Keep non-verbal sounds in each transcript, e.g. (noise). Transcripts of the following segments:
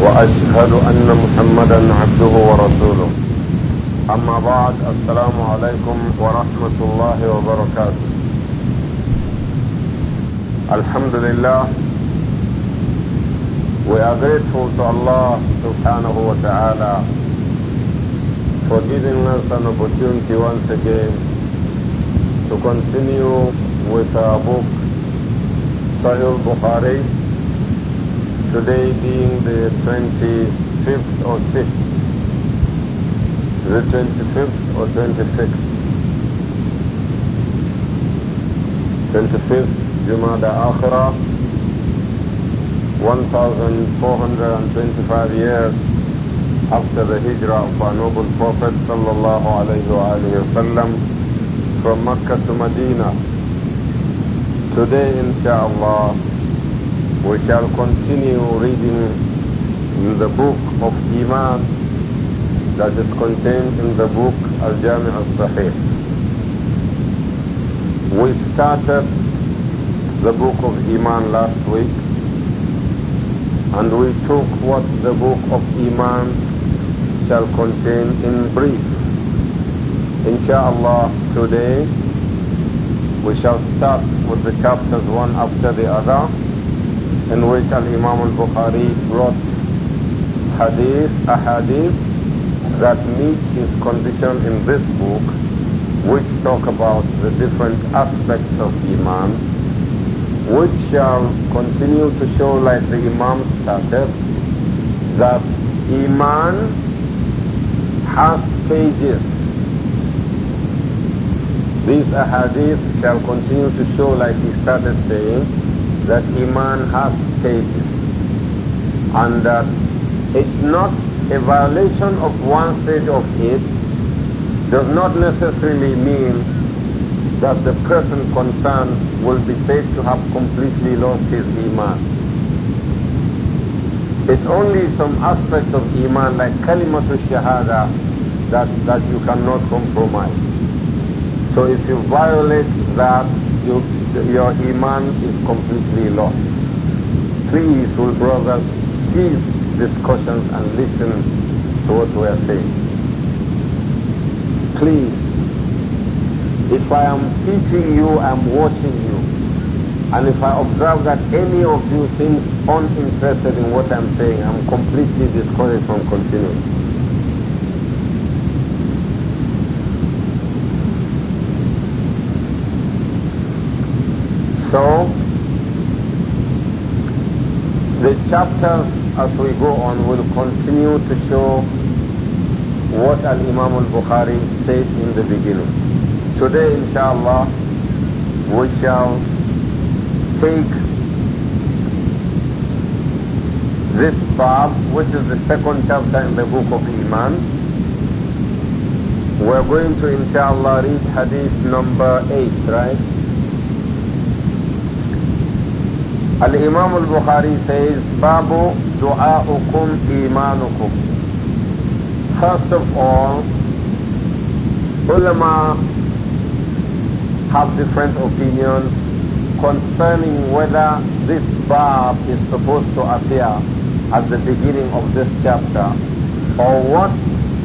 وأشهد أن محمدا عبده ورسوله أما بعد السلام عليكم ورحمة الله وبركاته الحمد لله We are grateful to Allah subhanahu wa ta'ala for giving us an opportunity once again to continue with our book Sahih Bukhari today being the 25th or 6th, the 25th or 26th, 25th Jumada Akhira, 1425 years after the hijrah of our noble Prophet sallallahu alayhi wa sallam from Mecca to Medina. Today inshallah we shall continue reading in the book of Iman that is contained in the book Al-Jami' al-Sahih. We started the book of Iman last week and we took what the book of Iman shall contain in brief. Insha'Allah today we shall start with the chapters one after the other in which Al-Imam al-Bukhari brought hadith, a hadith that meet his condition in this book, which talk about the different aspects of Iman, which shall continue to show like the Imam started, that Iman has pages. These ahadith shall continue to show like he started saying, that Iman has stages, and that it's not a violation of one stage of it does not necessarily mean that the person concerned will be said to have completely lost his Iman. It's only some aspects of Iman like Kalimatu Shahada that, that you cannot compromise. So if you violate that, you, your iman is completely lost. Please, full brothers, cease discussions and listen to what we are saying. Please, if I am teaching you, I am watching you. And if I observe that any of you seems uninterested in what I'm saying, I'm completely discouraged from continuing. So, the chapters as we go on will continue to show what Al-Imam al-Bukhari said in the beginning. Today, inshallah, we shall take this bab, which is the second chapter in the book of Iman. We're going to, inshallah, read hadith number 8, right? Al-Imam al-Bukhari says, Babu du'a'ukum imanukum. First of all, ulama have different opinions concerning whether this bab is supposed to appear at the beginning of this chapter or what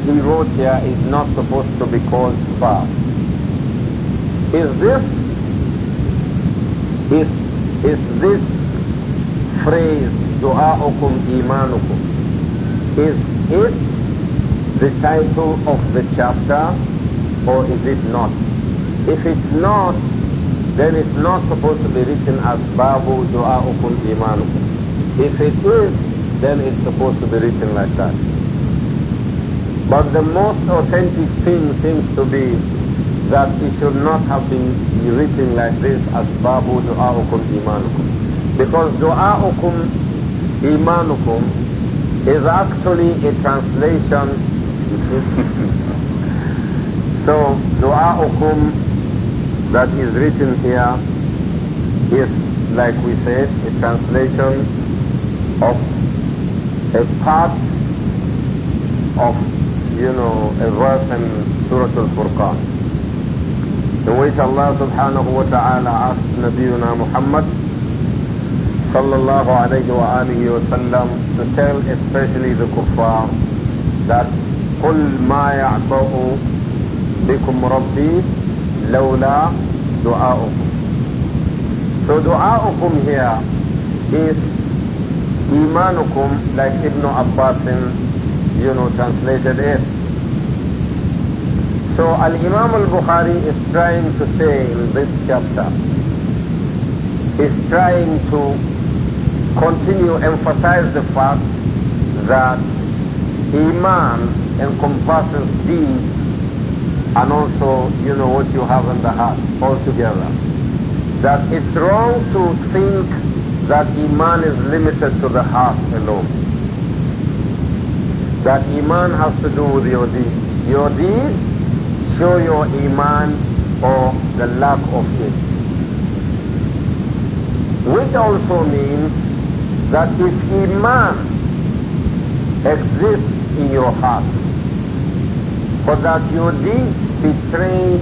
he wrote here is not supposed to be called bab. Is this is is this phrase du'a'ukum imanukum is it the title of the chapter or is it not? If it's not, then it's not supposed to be written as babu du'a'ukum imanukum. If it is, then it's supposed to be written like that. But the most authentic thing seems to be that it should not have been written like this as babu du'a'ukum imanukum. Because du'a'ukum imanukum is actually a translation. (laughs) so du'a'ukum that is written here is, like we said, a translation of a part of, you know, a verse in Surah Al-Furqan, in which Allah subhanahu wa ta'ala asked Nabiuna Muhammad sallallahu alayhi wa alihi sallam to tell especially the kuffar that قل ما يعبأ بكم ربي لولا دعاؤكم So دعاؤكم here is is إيمانكم like Ibn Abbas you know translated it so Al-Imam al-Bukhari is trying to say in this chapter, is trying to continue emphasize the fact that Iman encompasses deeds and also, you know, what you have in the heart altogether. That it's wrong to think that Iman is limited to the heart alone. That Iman has to do with your deeds. Your deeds show your Iman or the lack of it. Which also means that if Iman exists in your heart, for that your deeds betray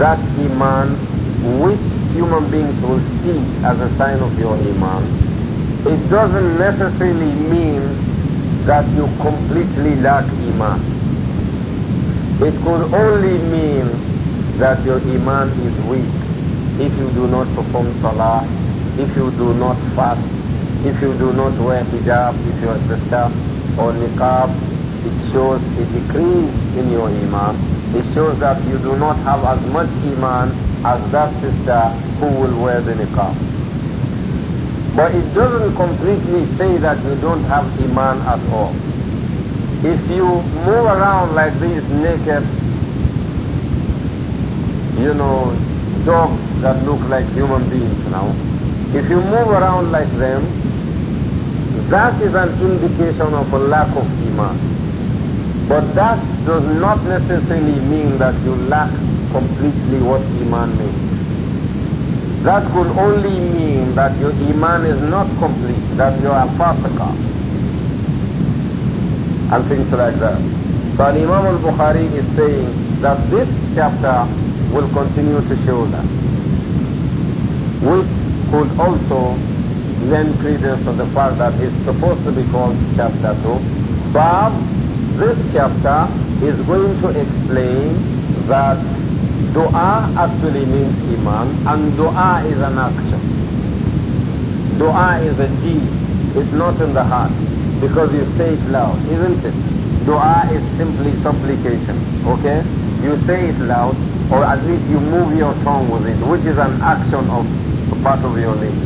that Iman which human beings will see as a sign of your Iman. It doesn't necessarily mean that you completely lack Iman. It could only mean that your Iman is weak if you do not perform Salah if you do not fast, if you do not wear hijab, if you are dressed up or niqab, it shows a decrease in your iman. It shows that you do not have as much iman as that sister who will wear the niqab. But it doesn't completely say that you don't have iman at all. If you move around like these naked, you know, dogs that look like human beings now, if you move around like them, that is an indication of a lack of iman. But that does not necessarily mean that you lack completely what iman means. That could only mean that your iman is not complete, that you are fasika, and things like that. So Imam al-Bukhari is saying that this chapter will continue to show that. we could also lend credence to the fact that it's supposed to be called chapter 2. But this chapter is going to explain that dua actually means iman and dua is an action. Dua is a deed. It's not in the heart because you say it loud, isn't it? Dua is simply supplication, okay? You say it loud or at least you move your tongue with it, which is an action of part of your name.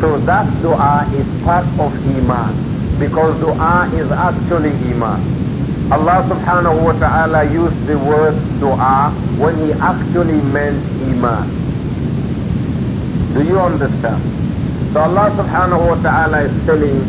So that dua is part of Iman because dua is actually Iman. Allah subhanahu wa ta'ala used the word dua when he actually meant Iman. Do you understand? So Allah subhanahu wa ta'ala is telling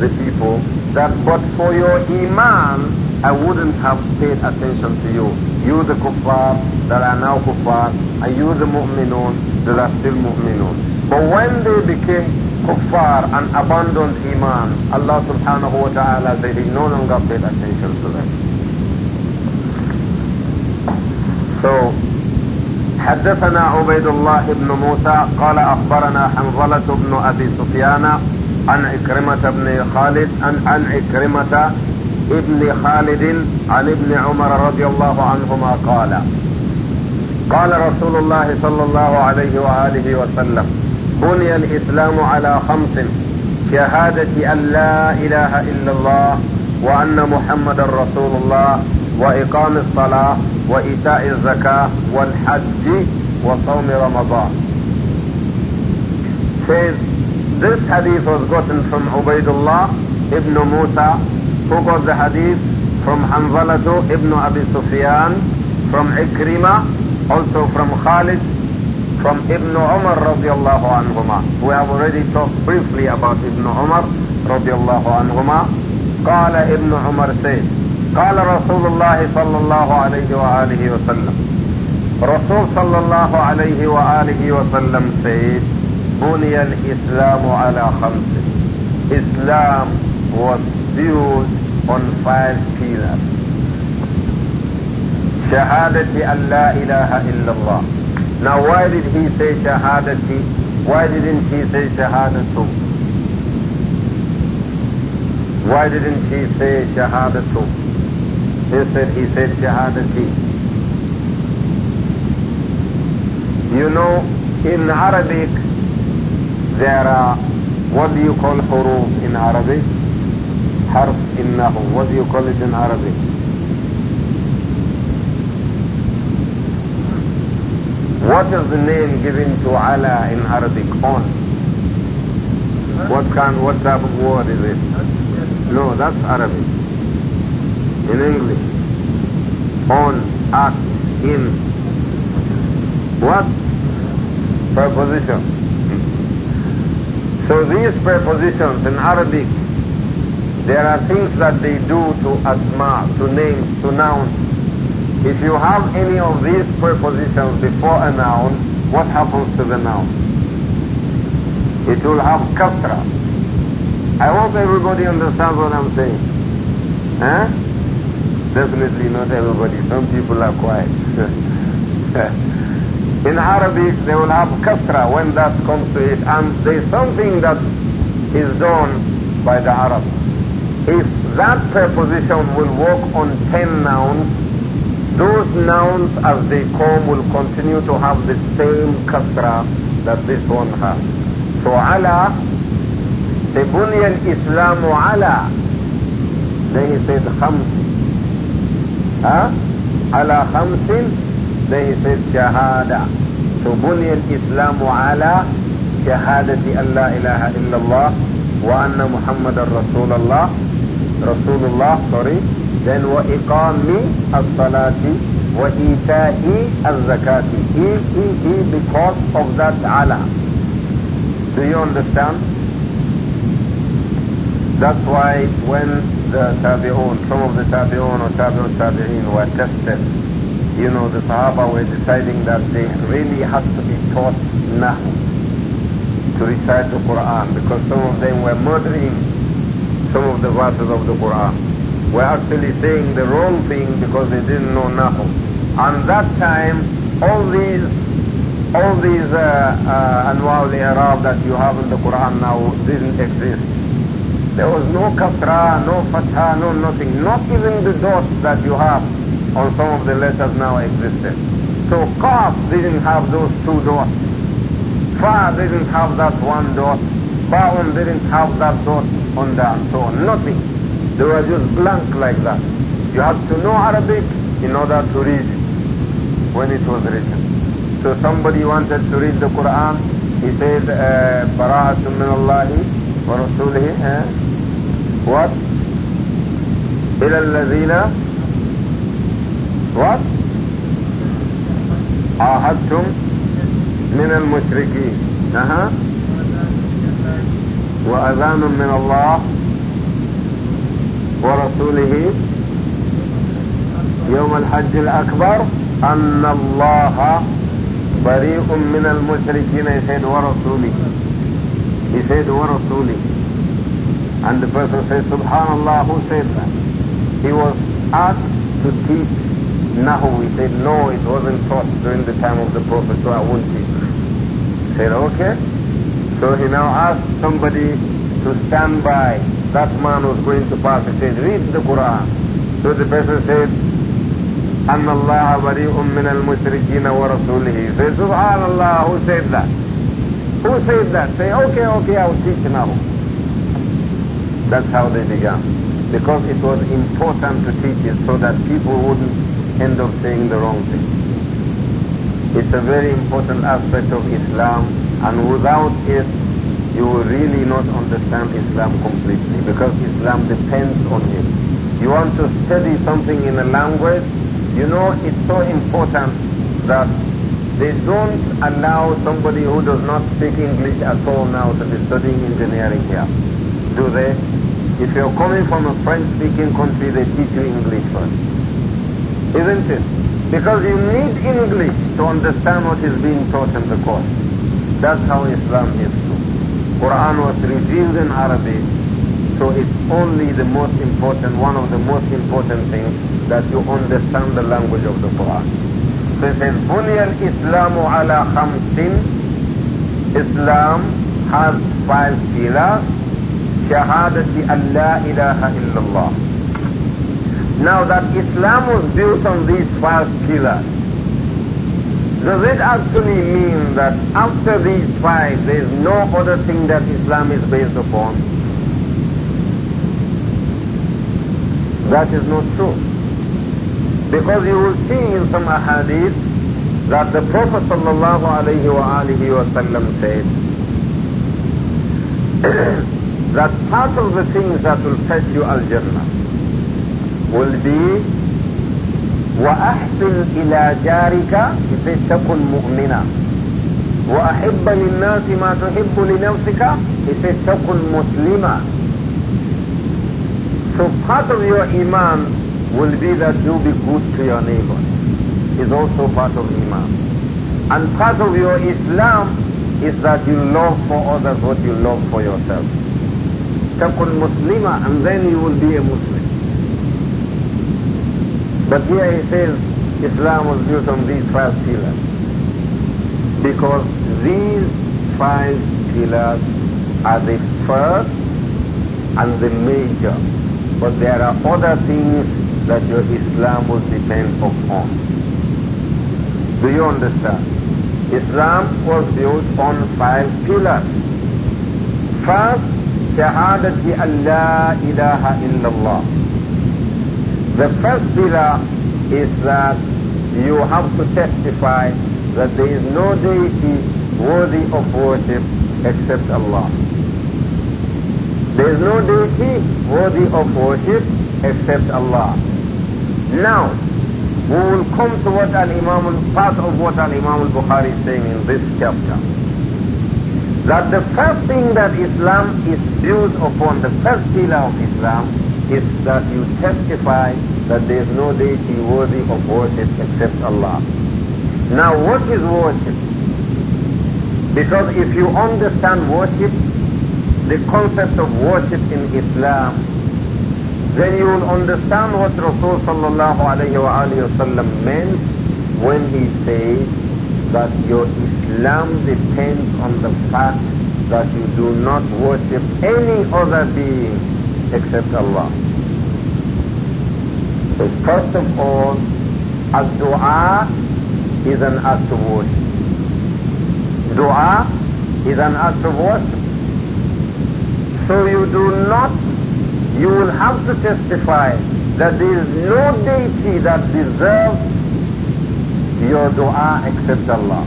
the people that but for your Iman I wouldn't have paid attention to you. You the kuffar that are now kuffar, and you the mu'minun that are still mu'minun. But when they became kuffar and abandoned iman, Allah subhanahu wa ta'ala said he no longer paid attention to them. So, حدثنا عبيد الله بن موسى قال أخبرنا حنظلة بن أبي سفيان عن عكرمة بن خالد عن عكرمة ابن خالد عن ابن عمر رضي الله عنهما قال قال رسول الله صلى الله عليه وآله وسلم بني الإسلام على خمس شهادة أن لا إله إلا الله وأن محمد رسول الله وإقام الصلاة وإيتاء الزكاة والحج وصوم رمضان says this hadith was gotten from Ubaidullah ibn Musa who got the hadith from Hanzalatu ibn Abi Sufyan, from Ikrima, also from Khalid, from Ibn Umar radiallahu anhuma. We have already talked briefly about Ibn Umar radiallahu anhuma. قال ابن عمر سيد قال رسول الله صلى الله عليه وآله وسلم رسول صلى الله عليه وآله وسلم سيد بني الإسلام على خمس Islam was built on five pillars. Shahadati an la ilaha illallah. Now why did he say Shahadati? Why didn't he say Shahadatu? Why didn't he say Shahadatu? said he said Shahadati. You know, in Arabic there are what do you call huruf in Arabic? harf in What do you call it in Arabic? What is the name given to Allah in Arabic? On. What kind, what type of word is it? No, that's Arabic. In English. On, at, in. What? Preposition. So these prepositions in Arabic there are things that they do to asma, to name, to noun. If you have any of these prepositions before a noun, what happens to the noun? It will have kasra. I hope everybody understands what I'm saying. Huh? Definitely not everybody. Some people are quiet. (laughs) In Arabic, they will have kasra when that comes to it. And there's something that is done by the Arabs. If that preposition will work on ten nouns, those nouns as they come will continue to have the same kasra that this one has. So ala, the bunyan islamu ala, then he says khamsin. Huh? Ala khamsin, then he says shahada. So al-Islam ala, shahadati an la ilaha illallah, wa anna muhammadan rasulallah, Rasulullah, sorry, then al-salati الصَّلَاةِ al-zakati. He, he, he, because of that Allah. Do you understand? That's why when the tabi'un, some of the tabi'un or tabi'un tabi'in were tested, you know, the Sahaba were deciding that they really had to be taught now to recite the Quran because some of them were murdering some of the verses of the Quran were actually saying the wrong thing because they didn't know Nahu. And that time, all these all these uh, uh, al that you have in the Quran now didn't exist. There was no kafra, no fatha, no nothing. Not even the dots that you have on some of the letters now existed. So qaf didn't have those two dots. Fa didn't have that one dot. Ba'un didn't have that dot. On and so Nothing. They were just blank like that. You have to know Arabic in order to read it when it was written. So somebody wanted to read the Quran. He said, uh, "Bara'at min Allahi wa Rasulihi." Eh? What? إلى الذين what? عاهدتم من المشركين. Uh -huh. وأذان من الله ورسوله يوم الحج الأكبر أن الله بريء من المشركين يسيد ورسوله يسيد ورسوله and the person says subhanallah who said that he was asked to teach Nahu he said no it wasn't taught during the time of the Prophet so I won't teach he said okay So he now asked somebody to stand by. That man was going to pass. He said, read the Quran. So the person said, أن الله بريء من المشركين ورسوله. He said, Subhanallah, who said that? Who said that? Say, okay, okay, I'll teach now. That's how they began. Because it was important to teach it so that people wouldn't end up saying the wrong thing. It's a very important aspect of Islam and without it you will really not understand Islam completely because Islam depends on it. You want to study something in a language, you know it's so important that they don't allow somebody who does not speak English at all now to be studying engineering here, do they? If you're coming from a French-speaking country, they teach you English first, isn't it? Because you need English to understand what is being taught in the course. That's how Islam is Quran was revealed in Arabic, so it's only the most important, one of the most important things that you understand the language of the Quran. So it says, "Bunyal Islamu ala خَمْسٍ Islam has five pillars. Shahada: Allah لا إله إلا Now that Islam was built on these five pillars, does it actually mean that after these five there is no other thing that Islam is based upon? That is not true. Because you will see in some ahadith that the Prophet sallallahu alayhi wa alihi wasallam said (coughs) that part of the things that will fetch you al-Jannah will be وأحسن إلى جارك تكن مؤمنا وأحب للناس ما تحب لنفسك تكن مسلما So part of your iman will be that you be good to your neighbor. Is also part of iman. And part of your Islam is that you love for others what you love for yourself. تكن مسلما and then you will be a Muslim. But here he says Islam was built on these five pillars. Because these five pillars are the first and the major. But there are other things that your Islam will depend upon. Do you understand? Islam was built on five pillars. First, شهادة Allah, ilaha illallah. The first pillar is that you have to testify that there is no deity worthy of worship except Allah. There is no deity worthy of worship except Allah. Now, we will come to what an Imam, part of what an Imam bukhari is saying in this chapter. That the first thing that Islam is built upon, the first pillar of Islam, is that you testify that there is no deity worthy of worship except Allah. Now what is worship? Because if you understand worship, the concept of worship in Islam, then you will understand what Rasul sallallahu alayhi wa meant when he says that your Islam depends on the fact that you do not worship any other being except Allah. So first of all, a dua is an act of worship. Dua is an act of worship. So you do not, you will have to testify that there is no deity that deserves your dua except Allah.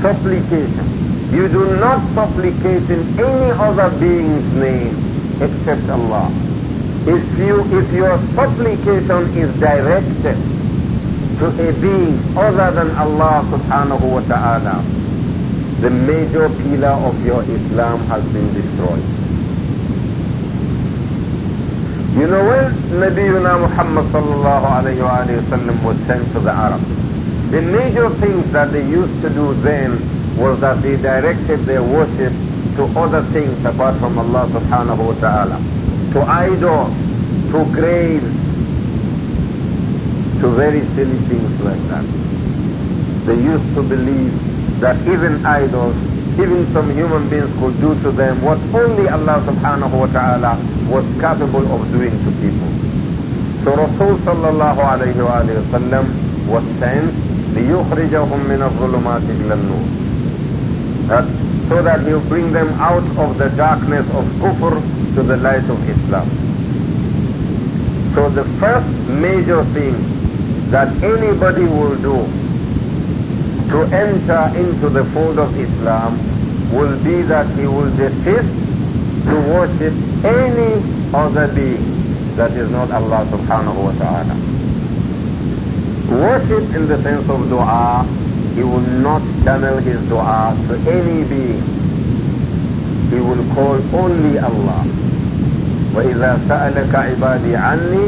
Supplication. You do not supplicate in any other being's name except Allah. If, you, if your supplication is directed to a being other than Allah subhanahu wa ta'ala, the major pillar of your Islam has been destroyed. You know when Nabiuna Muhammad sallallahu alayhi wa sallam was sent to the Arabs, the major things that they used to do then was that they directed their worship to other things apart from Allah subhanahu wa ta'ala to idols, to graves, to very silly things like that. They used to believe that even idols, even some human beings could do to them what only Allah subhanahu wa ta'ala was capable of doing to people. So Rasul sallallahu alayhi wa sallam was sent لِيُخْرِجَهُمْ مِنَ الظُّلُمَاتِ إِلَى النُّورِ So that he'll bring them out of the darkness of kufr to the light of Islam. So the first major thing that anybody will do to enter into the fold of Islam will be that he will desist to worship any other being that is not Allah subhanahu wa ta'ala. Worship in the sense of dua, he will not channel his dua to any being. He will call only Allah. وإذا سألك عبادي عني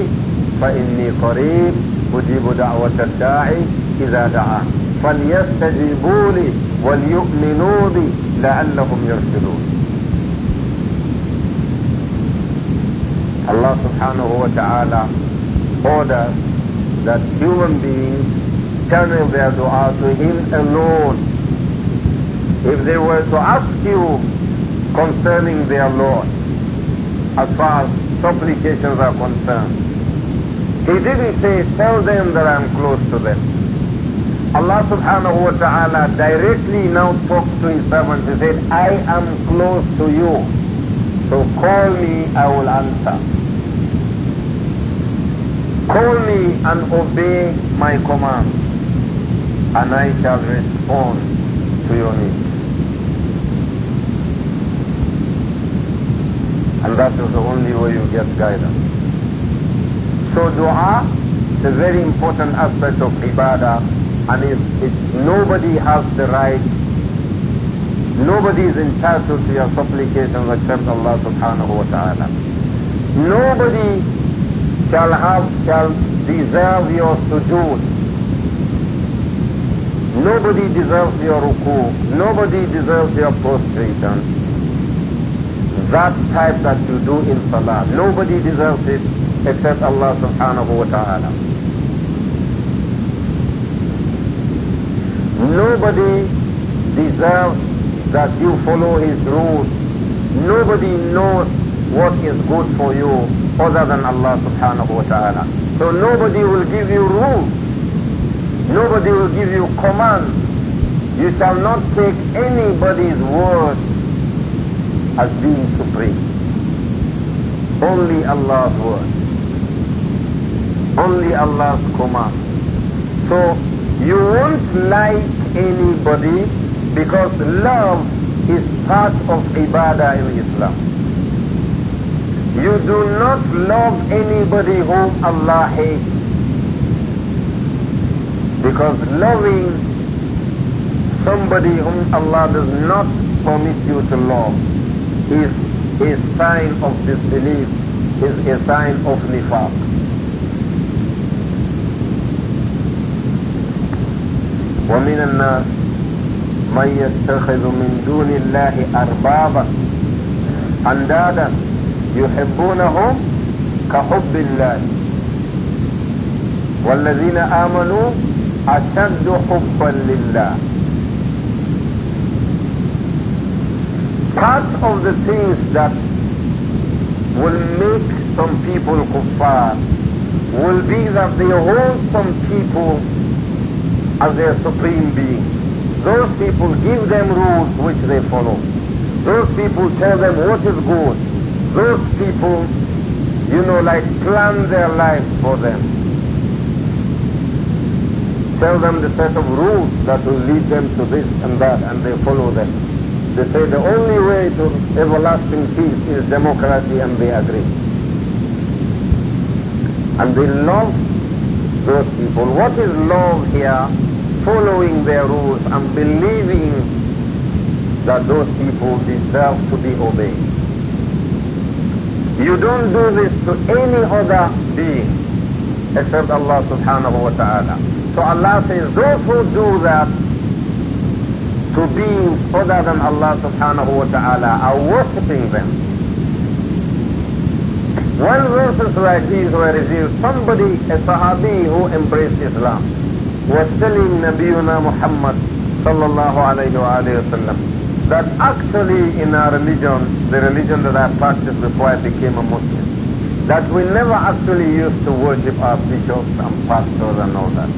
فإني قريب أجيب دعوة الداعي إذا دعا فليستجيبوا لي وليؤمنوا بي لعلهم يرسلون Allah subhanahu wa ta'ala orders that human beings channel their dua to Him alone. If they were to ask you concerning their Lord, as far as supplications are concerned. He didn't say, tell them that I'm close to them. Allah subhanahu wa ta'ala directly now talks to his servants and said, I am close to you. So call me, I will answer. Call me and obey my command, and I shall respond to your needs. And that is the only way you get guidance. So dua is a very important aspect of ibadah. And if, if nobody has the right, nobody is entitled to your supplications except Allah subhanahu wa ta'ala. Nobody shall have, shall deserve your sujood. Nobody deserves your ruku. Nobody deserves your prostration that type that you do in salah. Nobody deserves it except Allah subhanahu wa ta'ala. Nobody deserves that you follow his rules. Nobody knows what is good for you other than Allah subhanahu wa ta'ala. So nobody will give you rules. Nobody will give you commands. You shall not take anybody's word as being supreme. Only Allah's word. Only Allah's command. So you won't like anybody because love is part of ibadah in Islam. You do not love anybody whom Allah hates. Because loving somebody whom Allah does not permit you to love is a sign of disbelief, is a sign of nifaq. ومن الناس من يتخذ من دون الله أربابا أندادا يحبونهم كحب الله والذين آمنوا أشد حبا لله part of the things that will make some people kuffar will be that they hold some people as their supreme being. Those people give them rules which they follow. Those people tell them what is good. Those people, you know, like plan their life for them. Tell them the set of rules that will lead them to this and that, and they follow them. They say the only way to everlasting peace is democracy and they agree. And they love those people. What is love here? Following their rules and believing that those people deserve to be obeyed. You don't do this to any other being except Allah subhanahu wa ta'ala. So Allah says, those who do that, to beings other than Allah subhanahu wa ta'ala are worshipping them. When verses like these were revealed, somebody, a Sahabi who embraced Islam, was telling Nabiuna Muhammad sallallahu alayhi wa sallam that actually in our religion, the religion that I practiced before I became a Muslim, that we never actually used to worship our bishops and pastors and all that.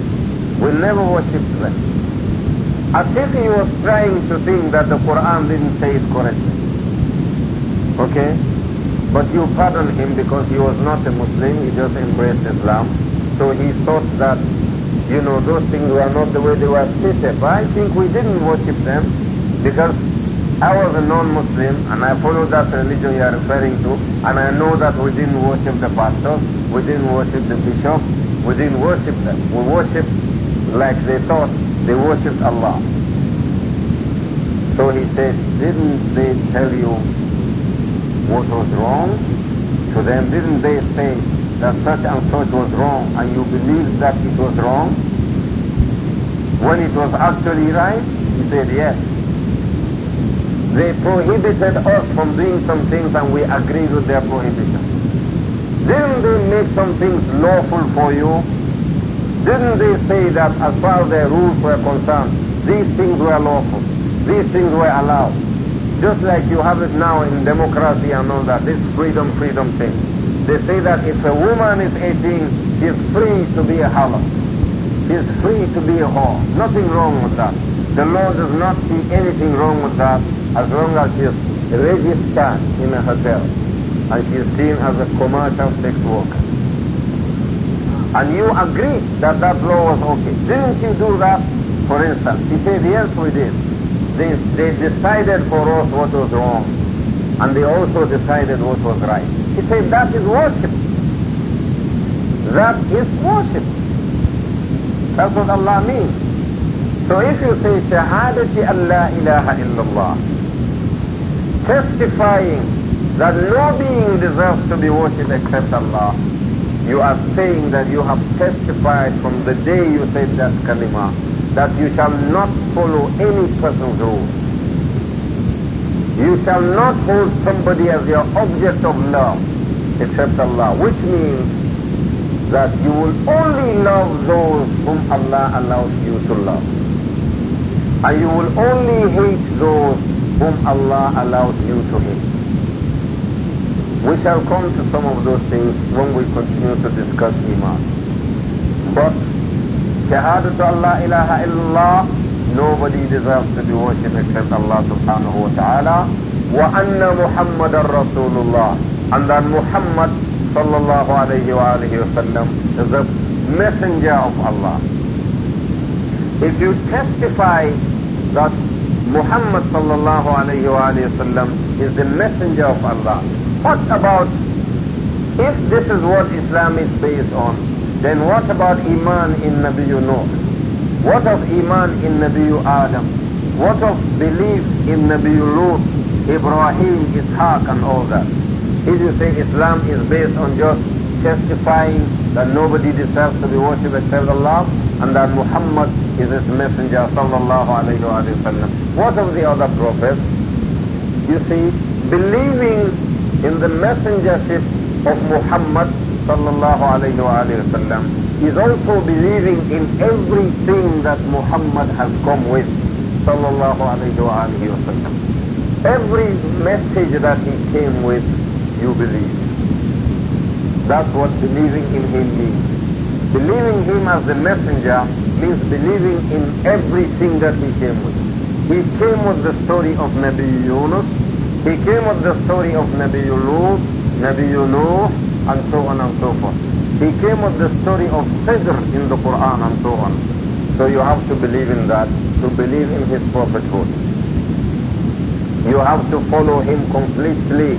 We never worshipped them as if he was trying to think that the Quran didn't say it correctly. Okay? But you pardon him because he was not a Muslim, he just embraced Islam. So he thought that, you know, those things were not the way they were stated. But I think we didn't worship them because I was a non-Muslim and I followed that religion you are referring to and I know that we didn't worship the pastor, we didn't worship the bishop, we didn't worship them. We worshiped like they thought they worshipped Allah. So he said, didn't they tell you what was wrong? To them, didn't they say that such and such was wrong and you believed that it was wrong? When it was actually right? He said, yes. They prohibited us from doing some things and we agreed with their prohibition. Didn't they make some things lawful for you didn't they say that as far as their rules were concerned, these things were lawful, these things were allowed? Just like you have it now in democracy and all that, this freedom, freedom thing. They say that if a woman is 18, she is free to be a harlot. She is free to be a whore. Nothing wrong with that. The law does not see anything wrong with that as long as she is registered in a hotel and she is seen as a commercial sex worker and you agreed that that law was okay. Didn't you do that, for instance? He said, yes, we did. They, they decided for us what was wrong, and they also decided what was right. He said, that is worship. That is worship. That's what Allah means. So if you say, Shahadati Allah ilaha illallah, testifying that no being deserves to be worshipped except Allah, you are saying that you have testified from the day you said that kalima that you shall not follow any person's rule. You shall not hold somebody as your object of love except Allah, which means that you will only love those whom Allah allows you to love. And you will only hate those whom Allah allows you to hate. We shall come to some of those things when we continue to discuss Iman. But Shahadatu Allah ilaha illallah, nobody deserves to be worshipped except Allah subhanahu wa ta'ala. Wa anna Rasulullah. And that Muhammad sallallahu alayhi wa alayhi wa sallam is the messenger of Allah. If you testify that Muhammad sallallahu alayhi wa alayhi wa sallam is the messenger of Allah, what about, if this is what Islam is based on, then what about Iman in Nabi Yunus? What of Iman in Nabi Adam? What of belief in Nabiyu Lut, Ibrahim, Ishaq and all that? If you say Islam is based on just testifying that nobody deserves to be worshipped except Allah and that Muhammad is his messenger sallallahu alayhi wa sallam. What of the other prophets? You see, believing in the messengership of Muhammad sallallahu alayhi wa sallam is also believing in everything that Muhammad has come with sallallahu alayhi wa sallam. Every message that he came with, you believe. That's what believing in him means. Believing him as the messenger means believing in everything that he came with. He came with the story of Nabi Yunus, he came with the story of Nabiullah, Nabiullah, and so on and so forth. He came with the story of Khidr in the Quran and so on. So you have to believe in that, to believe in his prophethood. You have to follow him completely.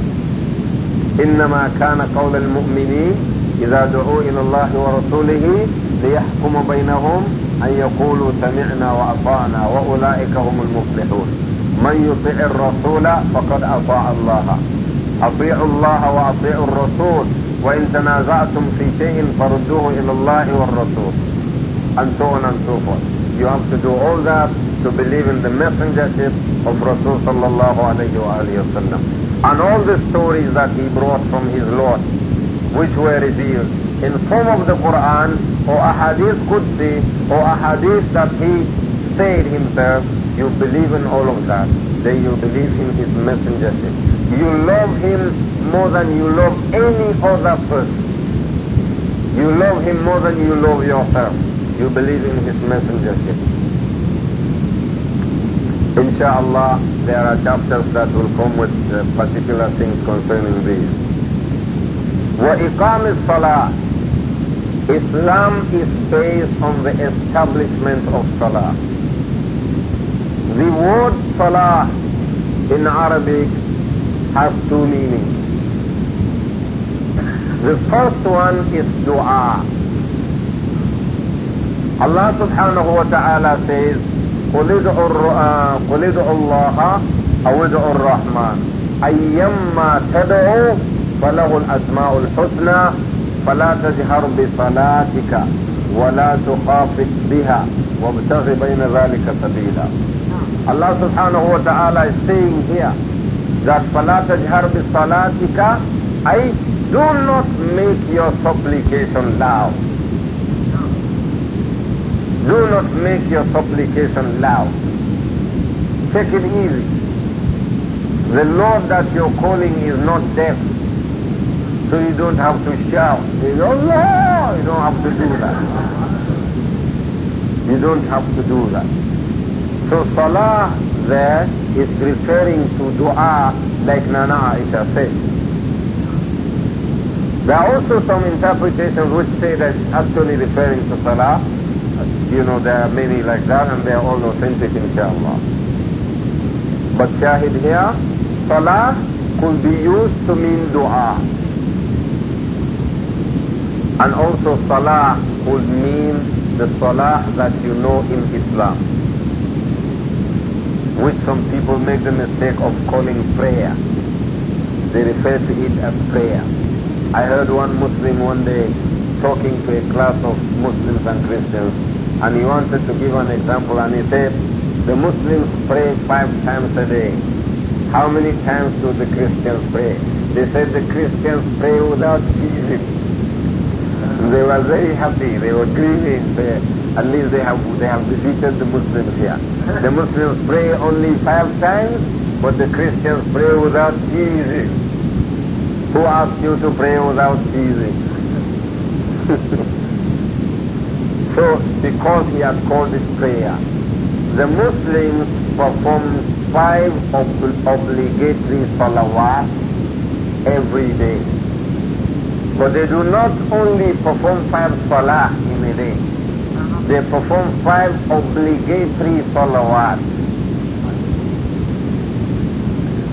إنما كان قول المؤمنين إذا دعوا إلى الله ورسوله ليحكم بينهم أن يقولوا سمعنا وأطعنا وأولئك هم المفلحون من يطع الرسول فقد اطاع الله اطيعوا الله واطيعوا الرسول وان تنازعتم في شيء فردوه الى الله والرسول and so on and so forth you have to do all that to believe in the messengership of Rasul sallallahu alayhi wa alayhi wa sallam. and all the stories that he brought from his Lord which were revealed in form of the Quran or ahadith Qudsi or ahadith that he Made himself, you believe in all of that. Then you believe in his messengership. You love him more than you love any other person. You love him more than you love yourself. You believe in his messengership. Insha'Allah, there are chapters that will come with uh, particular things concerning these. وَإِقَامِ salah. Islam is based on the establishment of Salah. The word salah in Arabic has two meanings. The first one is dua. Allah subhanahu wa ta'ala says, قل ادعوا الله أو ادعوا الرحمن أيما تدعو فله الأسماء الحسنى فلا تجهر بصلاتك ولا تخافت بها وابتغ بين ذلك سبيلا Allah subhanahu wa ta'ala is saying here that فَلَا تَجْهَرْ salatika, I do not make your supplication loud. Do not make your supplication loud. Take it easy. The Lord that you're calling is not deaf. So you don't have to shout. Oh, you don't have to do that. You don't have to do that. So salah there is referring to dua like Nana Aisha said. There are also some interpretations which say that it's actually referring to salah. You know, there are many like that and they are all authentic inshallah. But shahid here, salah could be used to mean dua. And also salah could mean the salah that you know in Islam which some people make the mistake of calling prayer. They refer to it as prayer. I heard one Muslim one day talking to a class of Muslims and Christians, and he wanted to give an example, and he said, the Muslims pray five times a day. How many times do the Christians pray? They said the Christians pray without ceasing. They were very happy. They were grieving. at least they have, they have defeated the Muslims here. The Muslims pray only five times, but the Christians pray without ceasing. Who asked you to pray without ceasing? (laughs) so, because he has called it prayer, the Muslims perform five ob- obligatory salawat every day. But they do not only perform five salah, they perform five obligatory salawat.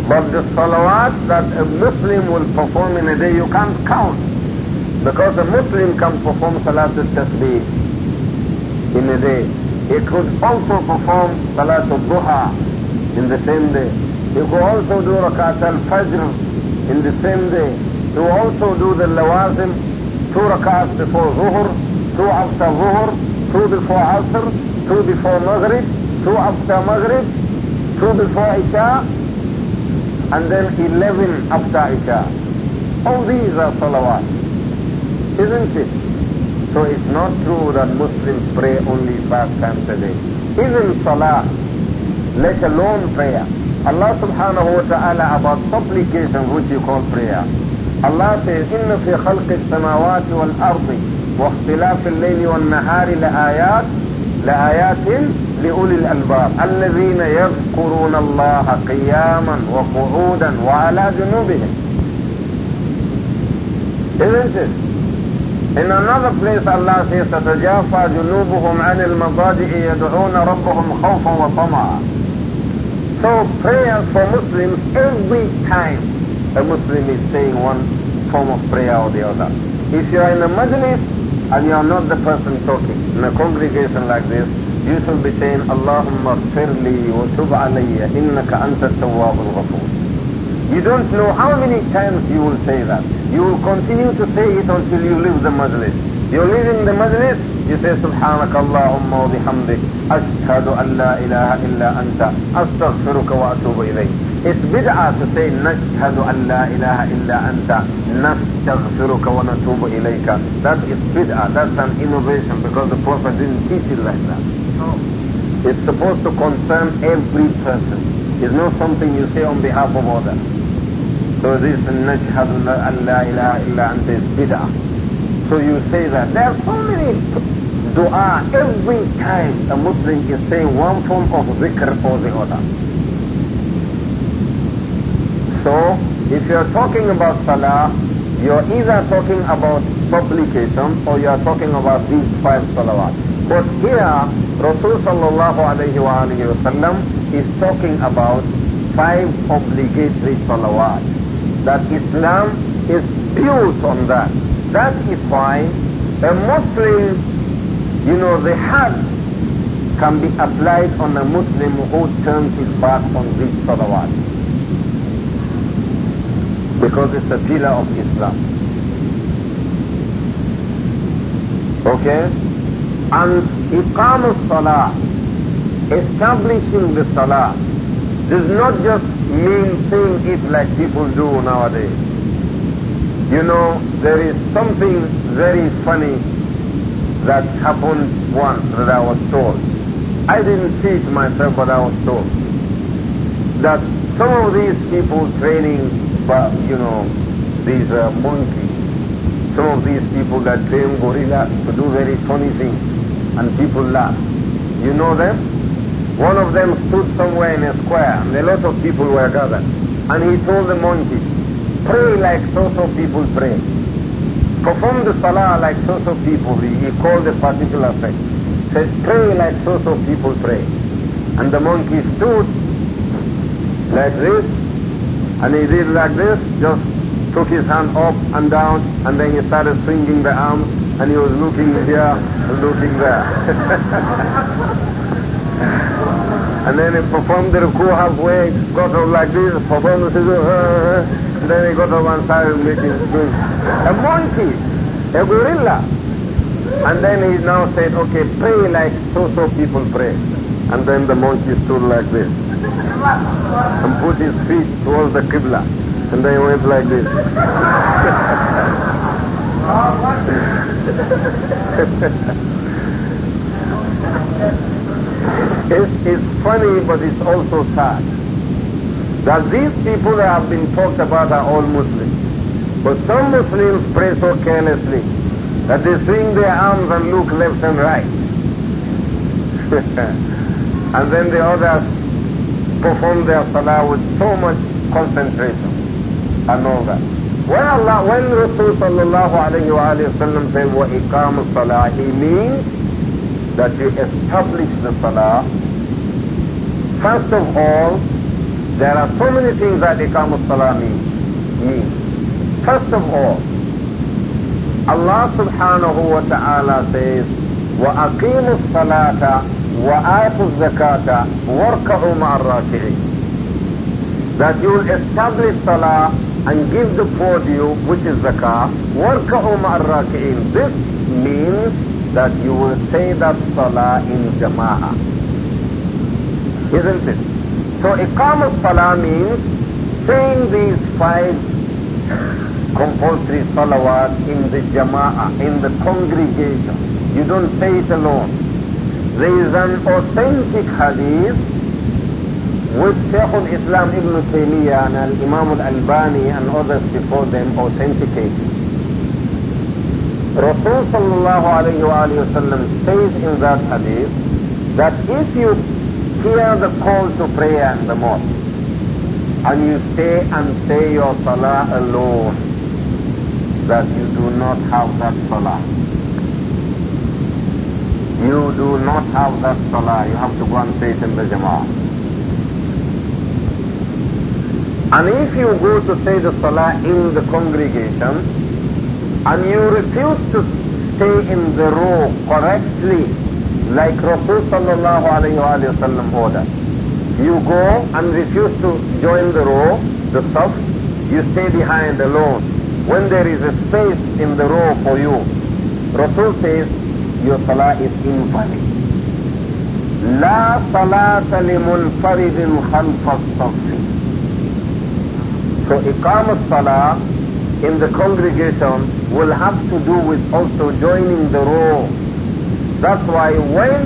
But the salawat that a Muslim will perform in a day, you can't count. Because a Muslim can perform al Tasbih in a day. He could also perform al Duha in the same day. He could also do Rakat al-Fajr in the same day. He could also do the Lawazim, two Rakats before Zuhur, two after Zuhur, two before Asr, two before Maghrib, two after Maghrib, two before Isha, and then 11 after Isha. All these are salawat, isn't it? So it's not true that Muslims pray only five times a day. Even salah, let alone prayer. Allah subhanahu wa ta'ala about supplication which you call prayer. Allah says, إِنَّ فِي خَلْقِ السَّمَاوَاتِ وَالْأَرْضِ واختلاف الليل والنهار لآيات لآيات لأولي الألباب الذين يذكرون الله قياما وقعودا وعلى جنوبهم Isn't it? In another place Allah says تتجافى جنوبهم عن المضاجع يدعون ربهم خوفا وطمعا So prayers for Muslims every time a Muslim is saying one form of prayer or the other. If you are in a majlis, and you are not the person talking. In a congregation like this, you should be saying, Allahumma firli wa tub alayya innaka anta tawwab al You don't know how many times you will say that. You will continue to say it until you leave the majlis. You're leaving the majlis, you say, سبحانك اللهم وبحمدك أشهد أن لا إله إلا أنت أستغفرك وأتوب إليك. It's bid'ah to say nashhadu an la ilaha illa anta nastaghfiruka wa natubu ilayka. That is bid'ah. That's an innovation because the Prophet didn't teach it like that. No. It's supposed to concern every person. It's not something you say on behalf of others. So this nashhadu an la ilaha illa anta is bid'ah. So you say that. There are so many dua every time a Muslim is saying one form of zikr or the other. So, if you are talking about salah, you are either talking about supplication or you are talking about these five salawat. But here, Rasul sallallahu alayhi wa is talking about five obligatory salawat. That Islam is built on that. That is why a Muslim, you know, the Hajj can be applied on a Muslim who turns his back on these salawat because it's a pillar of Islam. Okay? And Iqam al-Salah, establishing the Salah, does not just mean saying it like people do nowadays. You know, there is something very funny that happened once that I was told. I didn't see it myself, but I was told that some of these people training you know, these uh, monkeys. Some of these people that train gorillas to do very funny things, and people laugh. You know them? One of them stood somewhere in a square, and a lot of people were gathered. And he told the monkeys, pray like so-so people pray. Perform the salah like so-so people. He, he called a particular thing. Said, pray like so-so people pray. And the monkey stood like this, and he did like this, just took his hand up and down, and then he started swinging the arms, and he was looking here and looking there. (laughs) and then he performed the ruku halfway, got up like this, performed the uh, and then he got up and started making swing. A monkey, a gorilla. And then he now said, okay, pray like so-so people pray. And then the monkey stood like this and put his feet towards the Qibla. And he went like this. (laughs) it's funny, but it's also sad. That these people that have been talked about are all Muslims. But some Muslims pray so carelessly that they swing their arms and look left and right. (laughs) and then the others perform their salah with so much concentration and all that. When Allah, when Rasul sallallahu alayhi wa sallam said wa iqam salah, he means that you establish the salah. First of all, there are so many things that iqam salah means. means. First of all, Allah subhanahu wa ta'ala says, وَأَقِيمُوا الصَّلَاةَ وآتوا الزكاة واركعوا مع الراكعين that you will establish salah and give the poor you which is zakah, وَارْكَعُوا مَعَ الرَّاكِعِينَ This means that you will say that salah in jama'ah. Isn't it? So iqam salah means saying these five compulsory salawat in the jama'ah, in the congregation. You don't say it alone. There is an authentic hadith which Shaykh al-Islam Ibn Taymiyyah and Imam al-Albani and others before them authenticated. Rasul sallallahu alayhi wa, alayhi wa sallam says in that hadith that if you hear the call to prayer in the mosque and you stay and say your salah alone, that you do not have that salah you do not have that salah, you have to go and say it in the jama'ah. And if you go to say the salah in the congregation, and you refuse to stay in the row correctly, like Rasul sallallahu alayhi wa sallam ordered, you go and refuse to join the row, the stuff you stay behind alone. When there is a space in the row for you, Rasul says, your salah is invalid. لا صلاة لمنفرد خلف الصف. So إقام الصلاة in the congregation will have to do with also joining the row. That's why when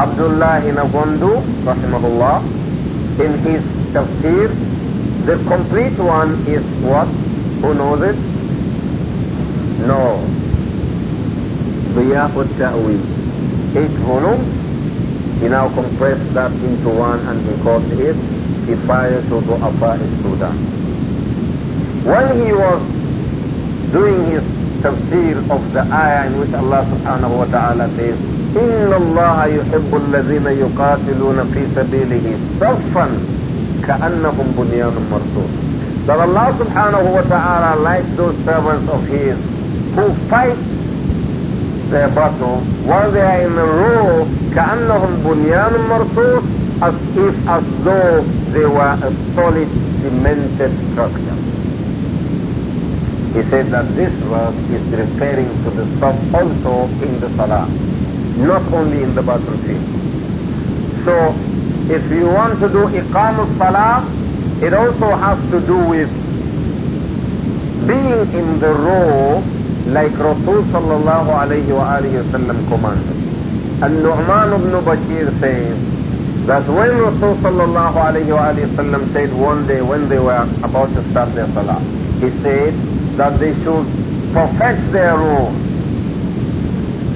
Abdullah ibn Agondu, rahimahullah, in his tafsir, the complete one is what? Who knows it? No. Diya ut-Ta'wil. Eight volumes. He now compressed that into one and he called it Kifaya to Du'afa Sudan. When he was doing his tafsir of the ayah in which Allah subhanahu wa ta'ala says, إن الله يحب الذين يقاتلون في سبيله صفا كأنهم بنيان مرصود that Allah subhanahu wa ta'ala likes those servants of his who fight their bottom while they are in a row كأنهم بنيان مرصوص as if as though they were a solid cemented structure. He said that this verse is referring to the stuff also in the Salah, not only in the battlefield. So if you want to do Iqam salah it also has to do with being in the row like Rasul sallallahu alayhi wa alayhi wasallam commanded. And Nu'man ibn Bashir says that when Rasul sallallahu alayhi wa alayhi wasallam said one day when they were about to start their salah, he said that they should perfect their rule.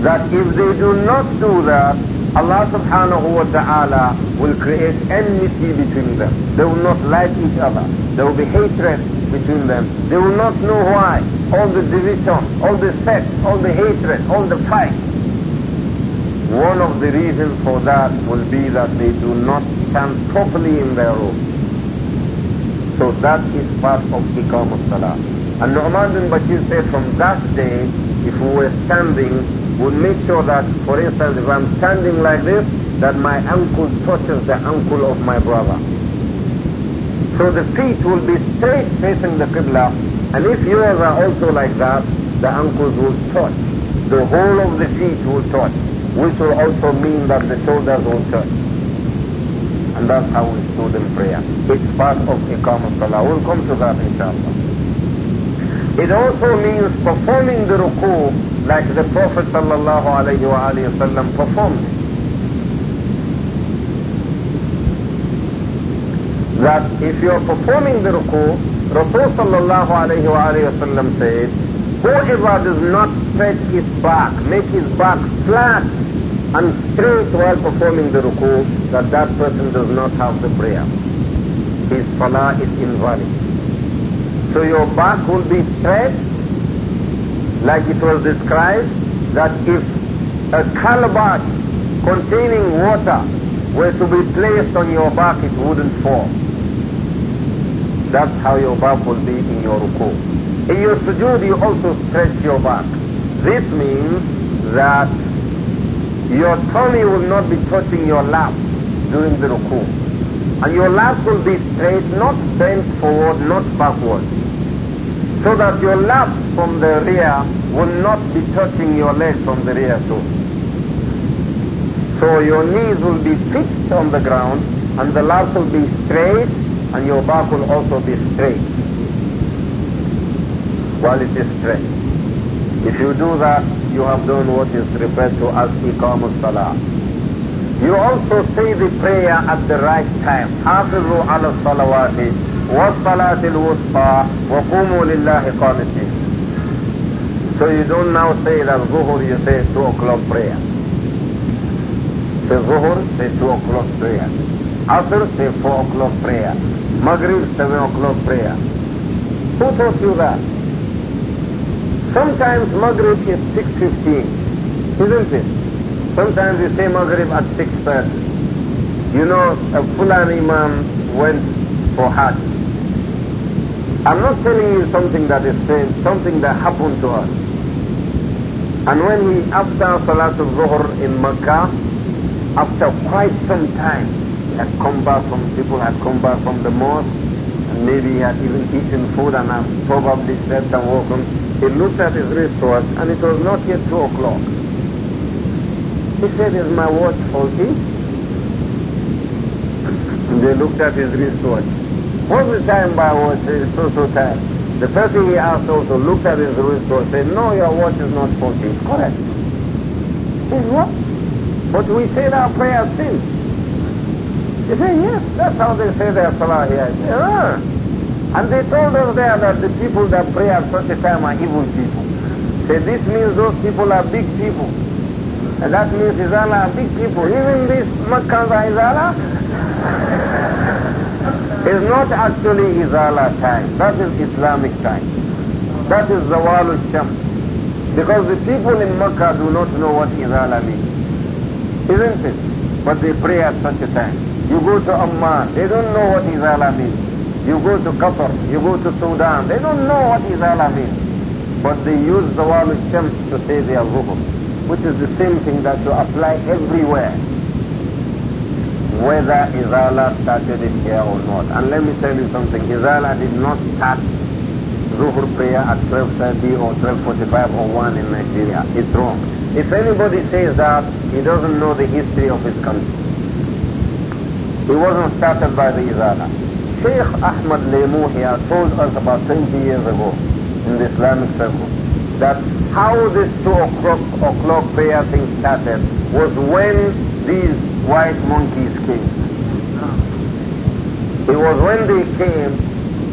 That if they do not do that, Allah subhanahu wa ta'ala will create enmity between them. They will not like each other. There will be hatred between them. They will not know why all the division, all the sect, all the hatred, all the fight. One of the reasons for that will be that they do not stand properly in their room. So that is part of Iqam al-Salah. And Nu'man bin Bashir said from that day, if we were standing, we'll make sure that, for instance, if I'm standing like this, that my ankle touches the ankle of my brother. So the feet will be straight facing the Qibla and if yours are also like that, the ankles will touch. The whole of the feet will touch, which will also mean that the shoulders will touch. And that's how we in prayer. It's part of Iqamah Salah. We'll come to that inshallah. It also means performing the ruku like the Prophet sallallahu alayhi wa sallam performed it. That if you're performing the ruku, Rasul sallallahu alayhi wa, sallam said, whoever does not stretch his back, make his back flat and straight while performing the ruku, that that person does not have the prayer. His salah is invalid. So your back will be stretched, like it was described, that if a calabash containing water were to be placed on your back, it wouldn't fall. That's how your back will be in your ruku. In your sujood, you also stretch your back. This means that your tummy will not be touching your lap during the ruku. And your lap will be straight, not bent forward, not backward. So that your lap from the rear will not be touching your leg from the rear too. So your knees will be fixed on the ground and the lap will be straight and your back will also be straight while it is straight. If you do that, you have done what is referred to as Iqamus Salah. You also say the prayer at the right time. حافظوا على الصلوات والصلاة الوسطى وقوموا لله قانتين. So you don't now say that Zuhur, you say 2 o'clock prayer. Say Zuhur, say 2 o'clock prayer. Asr, the 4 o'clock prayer. Maghrib, 7 o'clock prayer. Who taught you that? Sometimes Maghrib is 6.15, isn't it? Sometimes you say Maghrib at 6.30. You know, a Fulan Imam went for Hajj. I'm not telling you something that is strange, something that happened to us. And when he, after Salatul Zuhr in Makkah, after quite some time, had come back from, people had come back from the mosque, and maybe he had even eaten food and had probably slept and woken. He looked at his wristwatch, and it was not yet 2 o'clock. He said, is my watch faulty? (coughs) And they looked at his wristwatch. What's the time by watch? It's so, so time. The person he asked also looked at his wristwatch and said, no, your watch is not faulty. It's correct. He said, what? But we said our prayer since. They say, yes, that's how they say their salah here. And they told us there that the people that pray at such a time are evil people. Say, this means those people are big people. And that means Izala are big people. Even this Makkah Izala (laughs) is not actually Izala time. That is Islamic time. That is Zawal al-Shams. Because the people in Makkah do not know what Izala means. Isn't it? But they pray at such a time. You go to Amman, they don't know what Izala is. You go to Qatar, you go to Sudan, they don't know what Izala is. But they use the wall of Shams to say they are Zuhur, which is the same thing that you apply everywhere, whether Izala started it here or not. And let me tell you something, Izala did not start Zuhur prayer at 12.30 or 12.45 or 1 in Nigeria. It's wrong. If anybody says that, he doesn't know the history of his country. He wasn't started by the Izana. Sheikh Ahmad Lemuhia told us about 20 years ago in the Islamic circle that how this 2 o'clock, o'clock prayer thing started was when these white monkeys came. It was when they came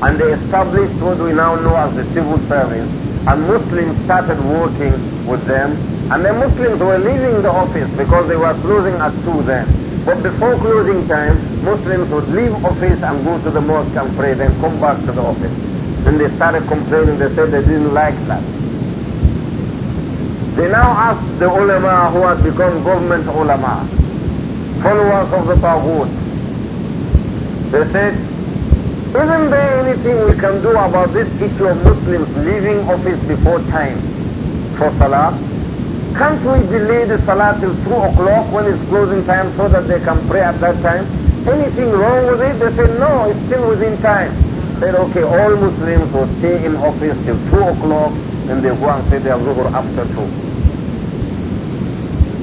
and they established what we now know as the civil service and Muslims started working with them and the Muslims were leaving the office because they were closing at 2 then. But before closing time, Muslims would leave office and go to the mosque and pray, then come back to the office. Then they started complaining, they said they didn't like that. They now asked the ulama who had become government ulama, followers of the Tawud. They said, isn't there anything we can do about this issue of Muslims leaving office before time for Salah? Can't we delay the Salah till 2 o'clock when it's closing time so that they can pray at that time? anything wrong with it? They said, no, it's still within time. They said, okay, all Muslims will stay in office till 2 o'clock and they go and say their zuhur after 2.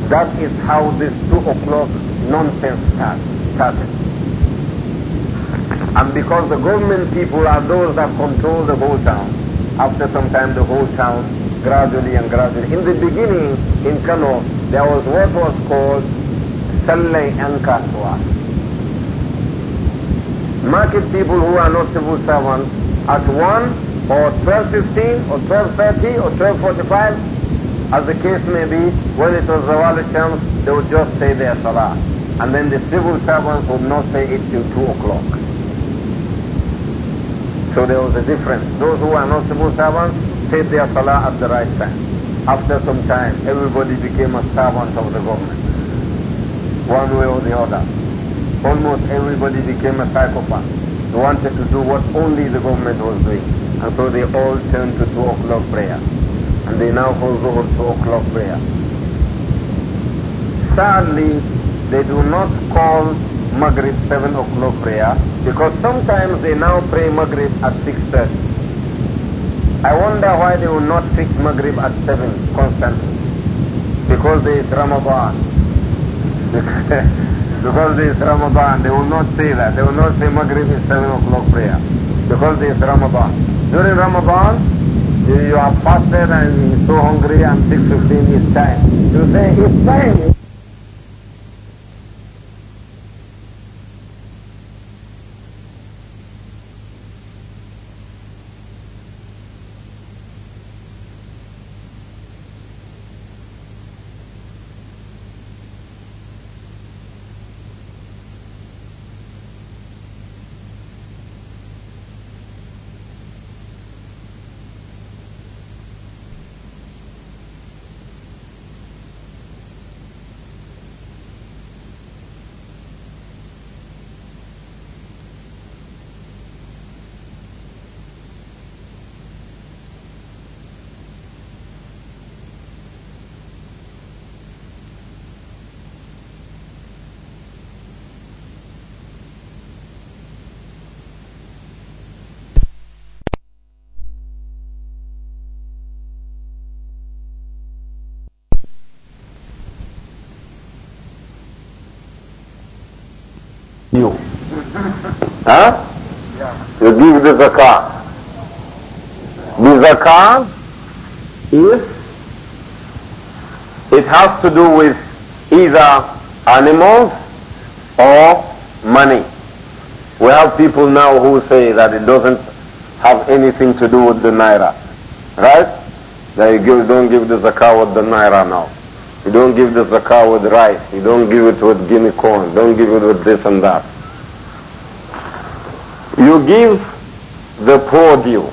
That is how this 2 o'clock nonsense started. And because the government people are those that control the whole town, after some time the whole town gradually and gradually. In the beginning in Kano, there was what was called Sallay and market people who are not civil servants at 1 or 12.15 or 12.30 or 12.45, as the case may be, when it was Zawal Shams, they would just say their salah. And then the civil servants would not say it till 2 o'clock. So there was a difference. Those who are not civil servants said their salah at the right time. After some time, everybody became a servant of the government, one way or the other almost everybody became a psychopath. They wanted to do what only the government was doing. And so they all turned to 2 o'clock prayer. And they now call to 2 o'clock prayer. Sadly, they do not call Maghrib 7 o'clock prayer because sometimes they now pray Maghrib at 6.30. I wonder why they will not fix Maghrib at 7 constantly. Because there is Ramadan. (laughs) because it's Ramadan, they will not say that. They will not say Maghrib is 7 o'clock prayer because it's Ramadan. During Ramadan, you, you are fasted and so hungry and 6.15 is time. You say, it's time, you. Huh? You give the zakah. The zakah is, it has to do with either animals or money. We have people now who say that it doesn't have anything to do with the naira. Right? They don't give the zakah with the naira now. You don't give the zakah with rice. You don't give it with guinea corn. Don't give it with this and that. You give the poor due.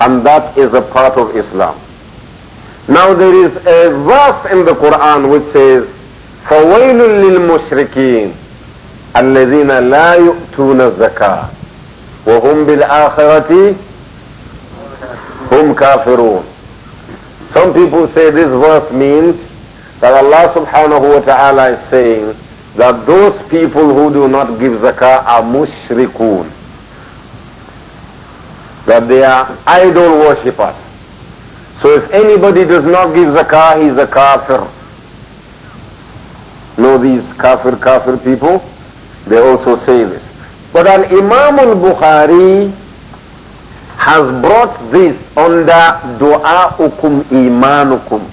And that is a part of Islam. Now there is a verse in the Quran which says, فَوَيْلٌ لِلْمُشْرِكِينَ الَّذِينَ لَا يُؤْتُونَ الزَّكَاةَ وَهُمْ بِالْآخِرَةِ هُمْ كَافِرُونَ Some people say this verse means that Allah subhanahu wa ta'ala is saying that those people who do not give zakah are mushrikun. That they are idol worshippers. So if anybody does not give zakah, he's a kafir. Know these kafir, kafir people? They also say this. But an Imam al-Bukhari has brought this under du'a ukum imanukum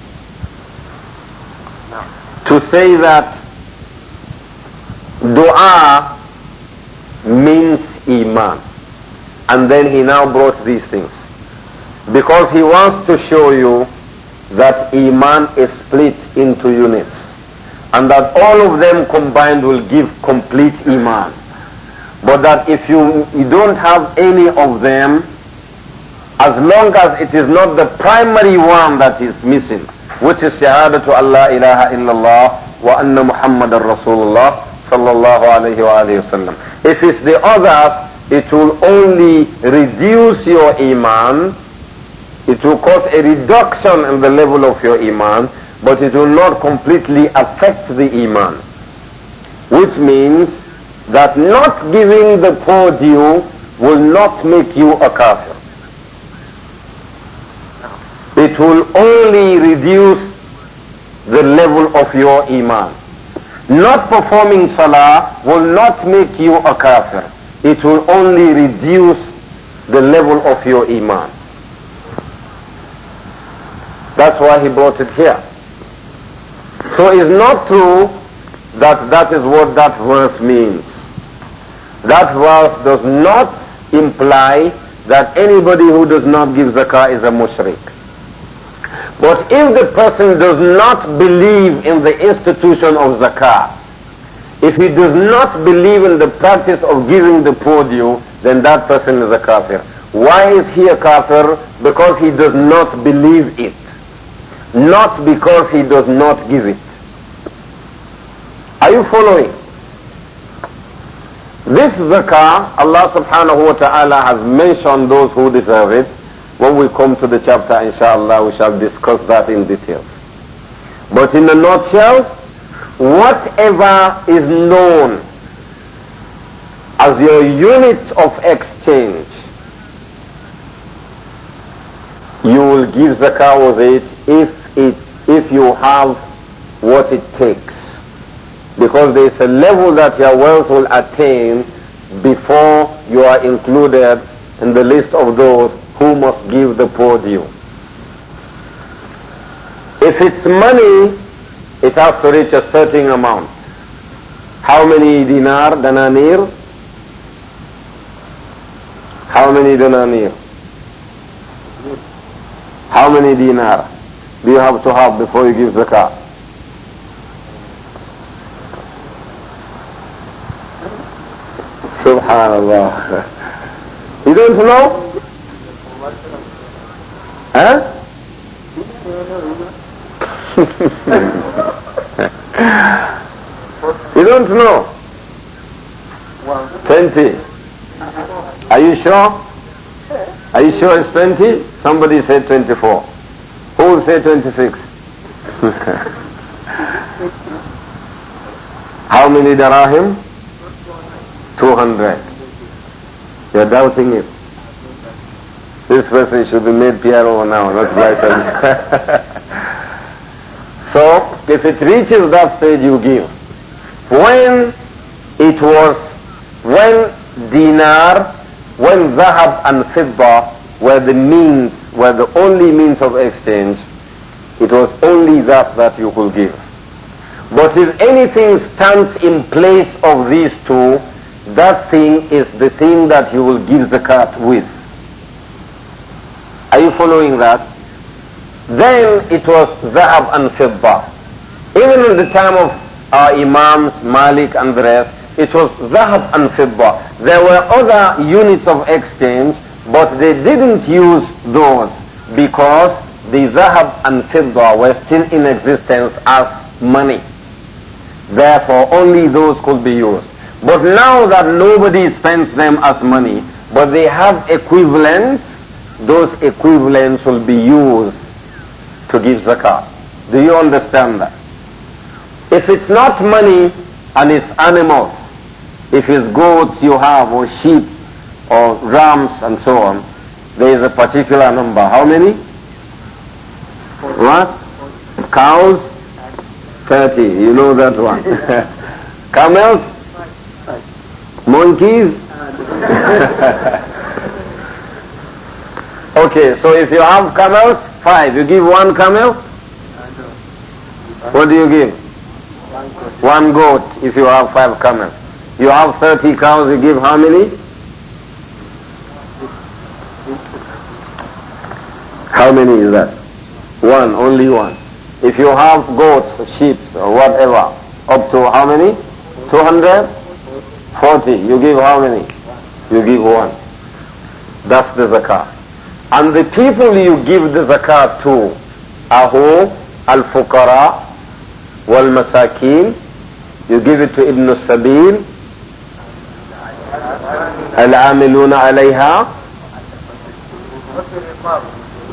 to say that dua means iman. And then he now brought these things. Because he wants to show you that iman is split into units. And that all of them combined will give complete iman. But that if you, you don't have any of them, as long as it is not the primary one that is missing, which is shahadatu Allah ilaha illallah wa anna Muhammadan Rasulullah sallallahu alayhi wa alayhi wasallam. If it's the others, it will only reduce your iman, it will cause a reduction in the level of your iman, but it will not completely affect the iman. Which means that not giving the poor due will not make you a kafir. will only reduce the level of your iman. Not performing salah will not make you a kafir. It will only reduce the level of your iman. That's why he brought it here. So it's not true that that is what that verse means. That verse does not imply that anybody who does not give zakah is a mushrik. But if the person does not believe in the institution of zakah, if he does not believe in the practice of giving the poor due, then that person is a kafir. Why is he a kafir? Because he does not believe it. Not because he does not give it. Are you following? This zakah, Allah subhanahu wa ta'ala has mentioned those who deserve it when we come to the chapter, inshallah, we shall discuss that in detail. But in a nutshell, whatever is known as your unit of exchange, you will give zakah with it if, it if you have what it takes. Because there is a level that your wealth will attain before you are included in the list of those give the poor due. If it's money, it has to reach a certain amount. How many dinar, dananir? How many dananir? How many dinar do you have to have before you give zakah? Subhanallah. (laughs) You don't know? Huh? (laughs) you don't know? Twenty. Are you sure? Are you sure it's twenty? Somebody said twenty-four. Who will say twenty-six? (laughs) How many darahim? Two hundred. You're doubting it. This person should be made PRO now, not later. (laughs) so, if it reaches that stage, you give. When it was, when dinar, when zahab and fidda were the means, were the only means of exchange, it was only that that you could give. But if anything stands in place of these two, that thing is the thing that you will give the cut with. Are you following that? Then it was Zahab and Fidda. Even in the time of our uh, Imams, Malik and the rest, it was Zahab and Fidda. There were other units of exchange, but they didn't use those because the Zahab and Fidda were still in existence as money. Therefore, only those could be used. But now that nobody spends them as money, but they have equivalents, those equivalents will be used to give zakat. Do you understand that? If it's not money and it's animals, if it's goats you have or sheep or rams and so on, there is a particular number. How many? What? Cows? 30. You know that one. (laughs) Camels? Monkeys? (laughs) Okay, so if you have camels, five. You give one camel? What do you give? One goat if you have five camels. You have 30 cows, you give how many? How many is that? One, only one. If you have goats, sheep, or whatever, up to how many? 200? 40. You give how many? You give one. That's the zakah. And the people you give the zakat to are who? Al-Fuqara wal-Masakin. You give it to Ibn al-Sabil. العاملون عليها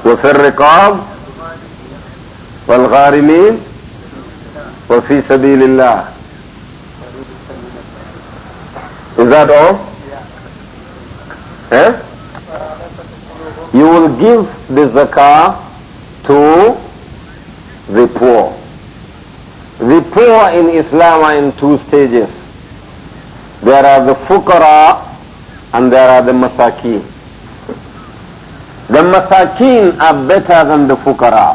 وفي الرقاب والغارمين وفي سبيل الله Is that all? Yeah. Eh? you will give the zakah to the poor. The poor in Islam are in two stages. There are the fuqara and there are the masakeen. The masakeen are better than the fuqara.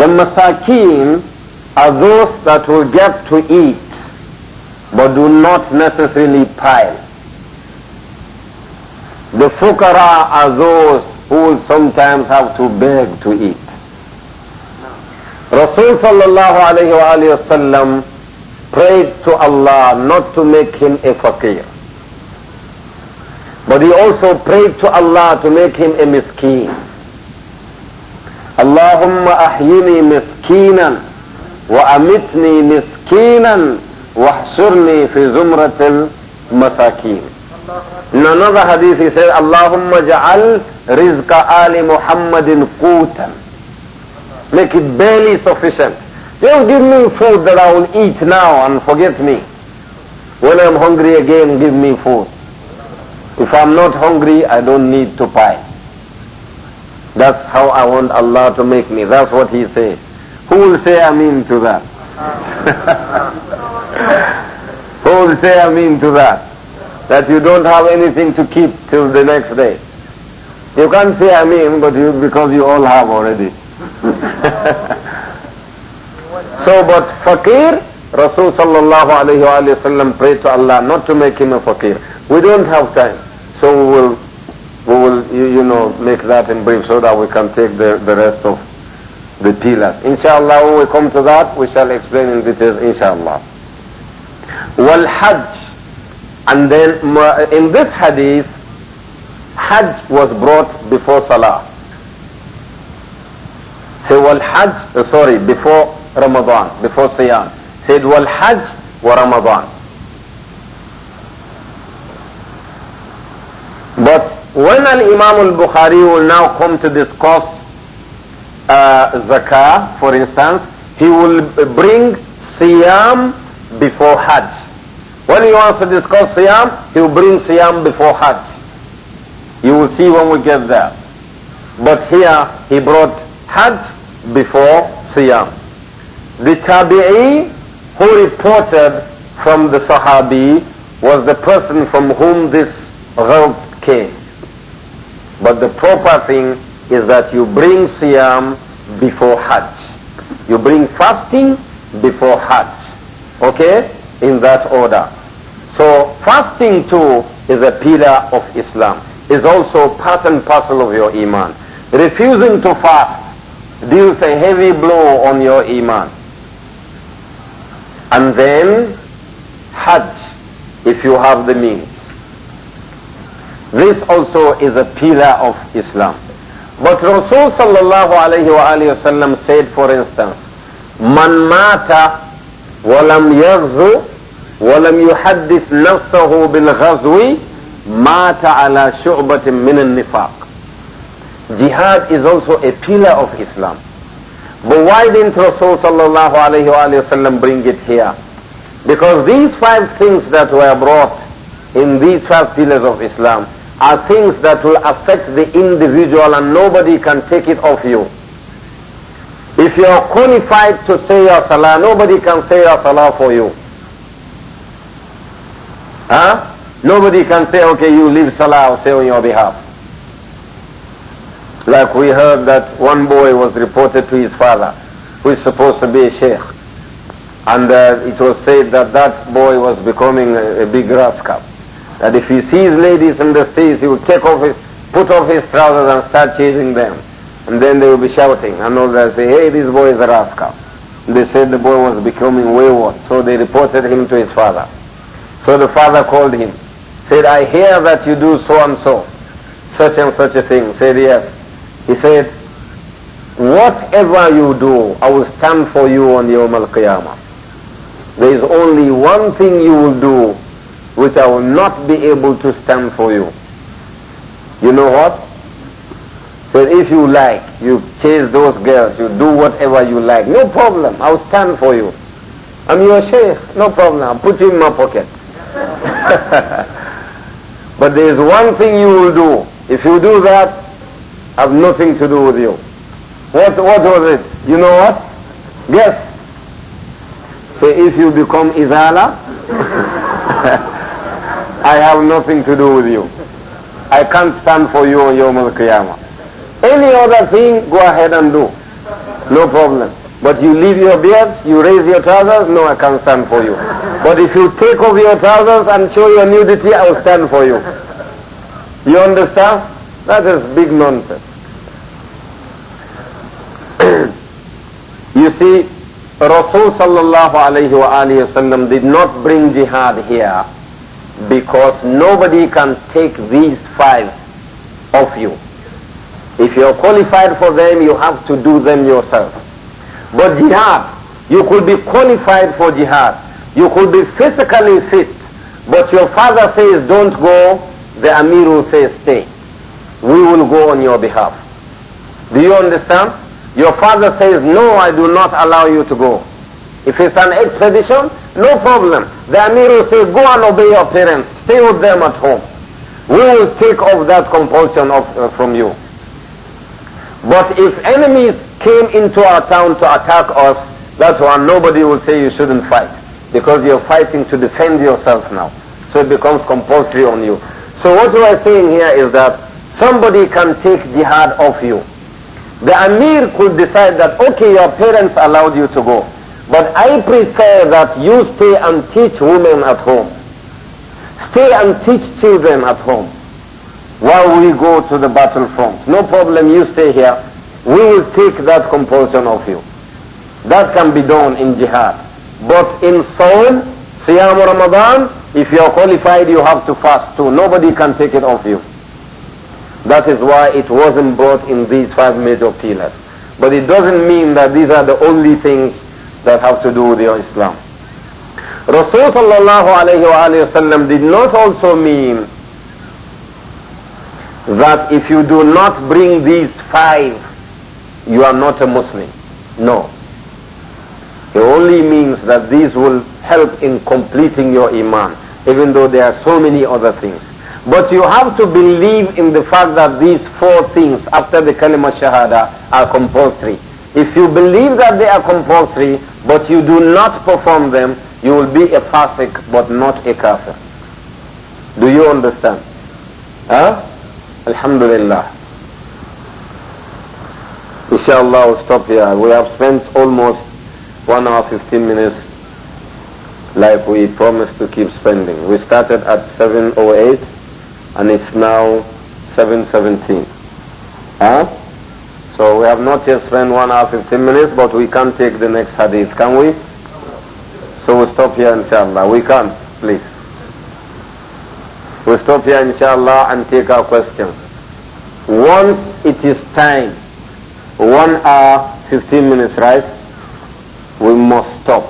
The masakeen are those that will get to eat but do not necessarily pile. The fukara are those who sometimes have to beg to eat. Rasul sallallahu alayhi wa sallam prayed to Allah not to make him a fakir. But he also prayed to Allah to make him a miskeen. Allahumma ahyini miskinan wa amitni miskeenan wa fi zumratil masakeen. None of the hadith he said: Allahumma ja'al rizqa ali Muhammadin qutan. Make it barely sufficient. Just give me food that I will eat now and forget me. When I'm hungry again, give me food. If I'm not hungry, I don't need to buy. That's how I want Allah to make me. That's what he says. Who will say Ameen to that? (laughs) Who will say Ameen to that? that you don't have anything to keep till the next day. You can't say I mean, but you, because you all have already. (laughs) so, but fakir, Rasul sallallahu alayhi wa sallam prayed to Allah not to make him a fakir. We don't have time. So we will, we will you, you know, make that in brief so that we can take the, the rest of the pillars. Inshallah, when we come to that, we shall explain in detail, inshallah. Wal Hajj and then in this hadith, Hajj was brought before Salah. Say, well, Hajj, uh, sorry, before Ramadan, before Siyam. Said, well, Hajj wa Ramadan. But when Al-Imam Al-Bukhari will now come to discuss uh, Zakah, for instance, he will bring Siyam before Hajj. When he wants to discuss Siyam, he will bring Siyam before Hajj. You will see when we get there. But here he brought Hajj before Siyam. The Tabi'i who reported from the Sahabi was the person from whom this ghalt came. But the proper thing is that you bring Siyam before Hajj. You bring fasting before Hajj. Okay? In that order. So fasting too is a pillar of Islam, is also part and parcel of your iman. Refusing to fast deals a heavy blow on your iman. And then Hajj, if you have the means. This also is a pillar of Islam. But Rasul sallallahu alayhi wa alayhi wa said, for instance, Man mata walam yaghzu ولم يحدث نفسه بالغزو مات على شعبة من النفاق Jihad is also a pillar of Islam. But why didn't Rasul sallallahu alayhi wa sallam bring it here? Because these five things that were brought in these five pillars of Islam are things that will affect the individual and nobody can take it off you. If you are qualified to say your salah, nobody can say your salah for you. Huh? Nobody can say, okay, you leave Salah, or say on your behalf. Like we heard that one boy was reported to his father, who is supposed to be a sheikh. And uh, it was said that that boy was becoming a, a big rascal. That if he sees ladies in the streets, he will take off his, put off his trousers and start chasing them. And then they will be shouting. And all that say, hey, this boy is a rascal. And they said the boy was becoming wayward. So they reported him to his father. So the father called him, said, I hear that you do so and so, such and such a thing. Said, yes. He said, whatever you do, I will stand for you on Yawm al-Qiyamah. There is only one thing you will do which I will not be able to stand for you. You know what? So if you like, you chase those girls, you do whatever you like, no problem, I'll stand for you. I'm your sheikh, no problem, I'll put you in my pocket. (laughs) but there is one thing you will do. If you do that, I have nothing to do with you. What, what was it? You know what? Yes. So if you become Izala, (laughs) I have nothing to do with you. I can't stand for you on Yom Al-Qiyamah. Any other thing, go ahead and do. No problem. But you leave your beard, you raise your trousers, no, I can't stand for you. But if you take off your trousers and show your nudity, I will stand for you. You understand? That is big nonsense. (clears throat) you see, Rasul sallallahu alayhi wa alayhi wasallam did not bring jihad here because nobody can take these five of you. If you're qualified for them, you have to do them yourself. But jihad, you could be qualified for jihad you could be physically fit, but your father says don't go, the will says stay. We will go on your behalf. Do you understand? Your father says no, I do not allow you to go. If it's an expedition, no problem. The Amir will say, go and obey your parents. Stay with them at home. We will take off that compulsion of, uh, from you. But if enemies came into our town to attack us, that's why nobody will say you shouldn't fight because you're fighting to defend yourself now. So it becomes compulsory on you. So what you are saying here is that somebody can take jihad off you. The Amir could decide that, okay, your parents allowed you to go, but I prefer that you stay and teach women at home. Stay and teach children at home while we go to the battlefront. No problem, you stay here. We will take that compulsion off you. That can be done in jihad. But in Saum, Siyam Ramadan, if you are qualified, you have to fast too. Nobody can take it off you. That is why it wasn't brought in these five major pillars. But it doesn't mean that these are the only things that have to do with your Islam. Rasul sallallahu alayhi wa sallam did not also mean that if you do not bring these five, you are not a Muslim. No. It only means that these will help in completing your iman, even though there are so many other things. But you have to believe in the fact that these four things after the kalima shahada are compulsory. If you believe that they are compulsory, but you do not perform them, you will be a fasik but not a kafir. Do you understand? Huh? Alhamdulillah. Inshallah, we'll stop here. We have spent almost 1 hour 15 minutes like we promised to keep spending. We started at 7.08 and it's now 7.17. Huh? So we have not yet spent 1 hour 15 minutes but we can take the next hadith, can we? So we will stop here inshallah. We can, please. We we'll stop here inshallah and take our questions. Once it is time, 1 hour 15 minutes, right? we must stop.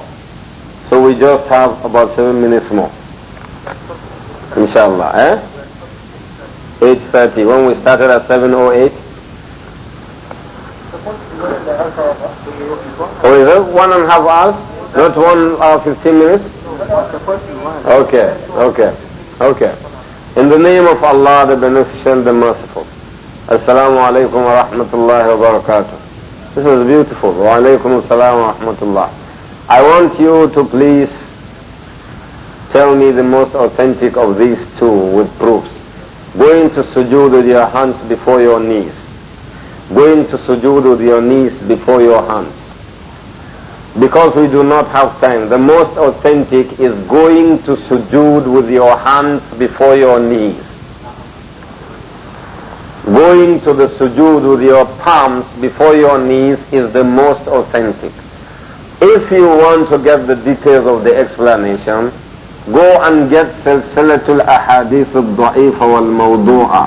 So we just have about seven minutes more. Inshallah, eh? 8.30. When we started at 7.08? Oh, is it one and a half hours? Not one hour, 15 minutes? Okay, okay, okay. In the name of Allah, the Beneficent, the Merciful. Assalamu alaikum wa rahmatullahi wa barakatuh. This is beautiful. Wa alaykum assalam rahmatullah. I want you to please tell me the most authentic of these two with proofs. Going to sujood with your hands before your knees. Going to sujood with your knees before your hands. Because we do not have time, the most authentic is going to sujood with your hands before your knees. Going to the sujood with your palms before your knees is the most authentic. If you want to get the details of the explanation, go and get Silsilatul Ahadith al-Da'ifa wal-Mawdu'a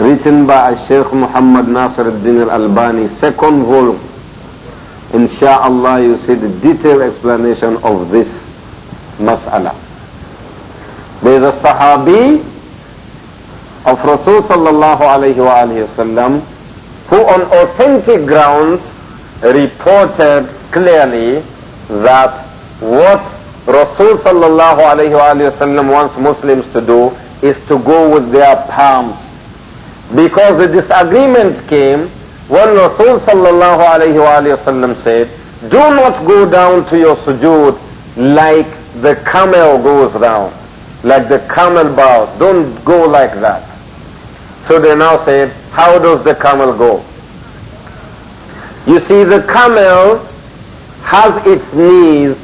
written by Sheikh Muhammad Nasir al-Din al-Albani, second volume. Insha'Allah you see the detailed explanation of this mas'ala. There is a Sahabi of Rasul sallallahu alayhi wa who on authentic grounds reported clearly that what Rasul sallallahu alayhi wa wants Muslims to do is to go with their palms. Because the disagreement came when Rasul sallallahu alayhi wa said, do not go down to your sujood like the camel goes down, like the camel bows. Don't go like that. So they now say, how does the camel go? You see, the camel has its knees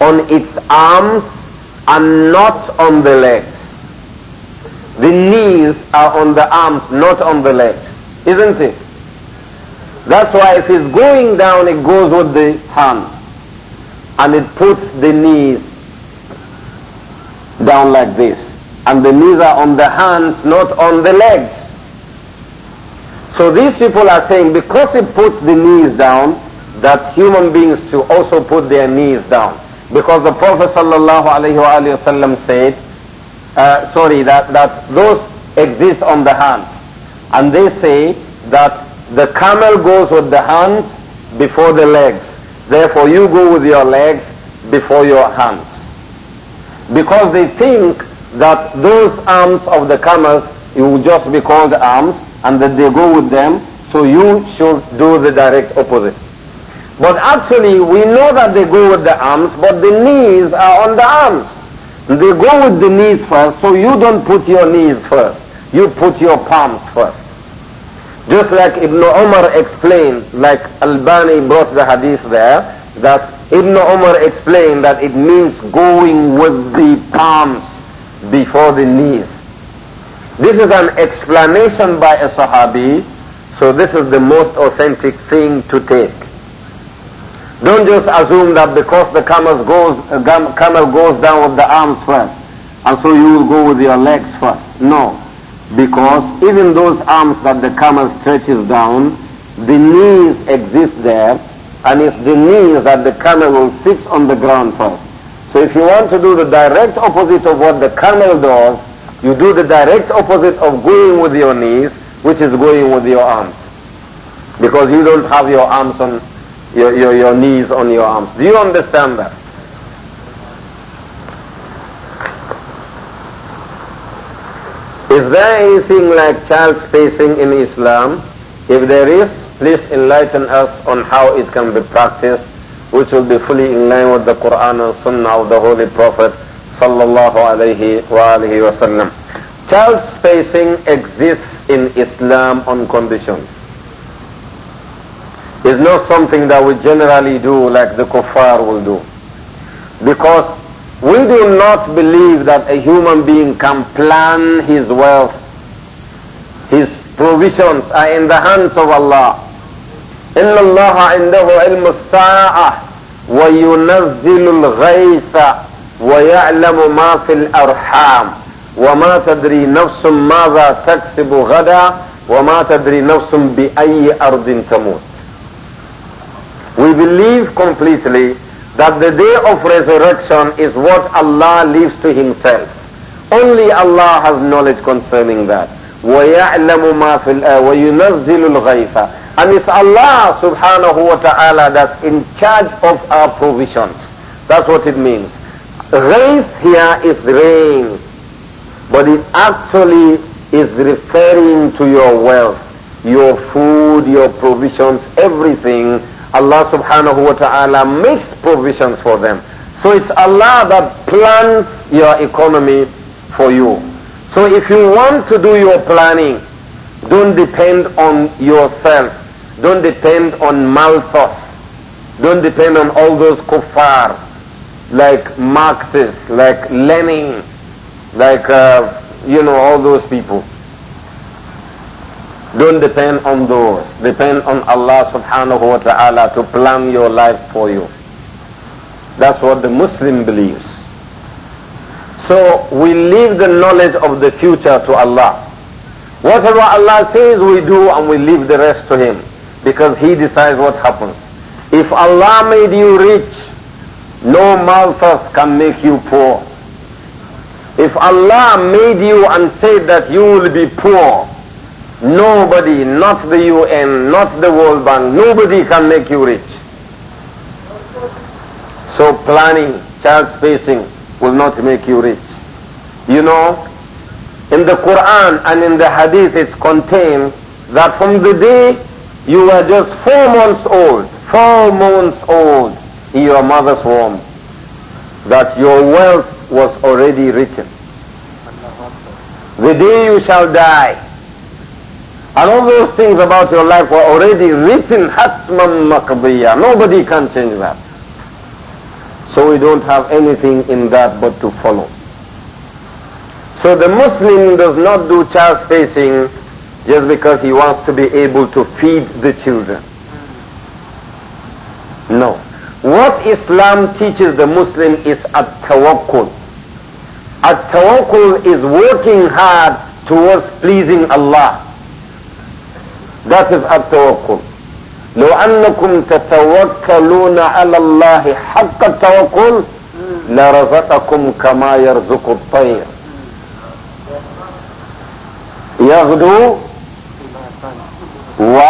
on its arms and not on the legs. The knees are on the arms, not on the legs. Isn't it? That's why if it's going down, it goes with the hand. And it puts the knees down like this. And the knees are on the hands, not on the legs. So these people are saying because he puts the knees down, that human beings should also put their knees down. Because the Prophet ﷺ said, uh, sorry, that, that those exist on the hands." And they say that the camel goes with the hands before the legs. Therefore you go with your legs before your hands. Because they think that those arms of the camels, it will just be called arms, and that they go with them, so you should do the direct opposite. But actually, we know that they go with the arms, but the knees are on the arms. They go with the knees first, so you don't put your knees first. You put your palms first. Just like Ibn Omar explained, like Al-Bani brought the hadith there, that Ibn Omar explained that it means going with the palms before the knees. This is an explanation by a Sahabi, so this is the most authentic thing to take. Don't just assume that because the camel goes, uh, camel goes down with the arms first, and so you will go with your legs first. No, because even those arms that the camel stretches down, the knees exist there, and it's the knees that the camel will sit on the ground first. So if you want to do the direct opposite of what the camel does, you do the direct opposite of going with your knees, which is going with your arms. Because you don't have your arms on, your, your, your knees on your arms. Do you understand that? Is there anything like child spacing in Islam? If there is, please enlighten us on how it can be practiced, which will be fully in line with the Quran and Sunnah of the Holy Prophet sallallahu alayhi wasallam. Child spacing exists in Islam on conditions. It's not something that we generally do like the kuffar will do. Because we do not believe that a human being can plan his wealth. His provisions are in the hands of Allah. إن الله عنده علم الساعة وينزل الغيث ويعلم ما في الأرحام وما تدري نفس ماذا تكسب غدا وما تدري نفس بأي أرض تموت We believe completely that the day of resurrection is what Allah leaves to himself. Only Allah has knowledge concerning that. وَيَعْلَمُ مَا فِي وَيُنَزِّلُ الْغَيْثَ And it's Allah subhanahu wa ta'ala that's in charge of our provisions. That's what it means. Race here is rain, but it actually is referring to your wealth, your food, your provisions, everything. Allah subhanahu wa ta'ala makes provisions for them. So it's Allah that plans your economy for you. So if you want to do your planning, don't depend on yourself. Don't depend on malthus. Don't depend on all those kuffar like Marxists, like Lenin, like, uh, you know, all those people. Don't depend on those. Depend on Allah subhanahu wa ta'ala to plan your life for you. That's what the Muslim believes. So we leave the knowledge of the future to Allah. Whatever Allah says we do and we leave the rest to Him because He decides what happens. If Allah made you rich no malthus can make you poor. If Allah made you and said that you will be poor, nobody, not the UN, not the World Bank, nobody can make you rich. So planning, child spacing will not make you rich. You know, in the Quran and in the Hadith it's contained that from the day you were just four months old, four months old, in your mother's womb that your wealth was already written. The day you shall die. And all those things about your life were already written hatman maqdiya. Nobody can change that. So we don't have anything in that but to follow. So the Muslim does not do child spacing just because he wants to be able to feed the children. No. What Islam teaches the Muslim is at-tawakkul. At-tawakkul is working hard towards pleasing Allah. That is at-tawakkul. لو أنكم تتوكلون على الله حق التوكل لرزقكم كما يرزق الطير يغدو و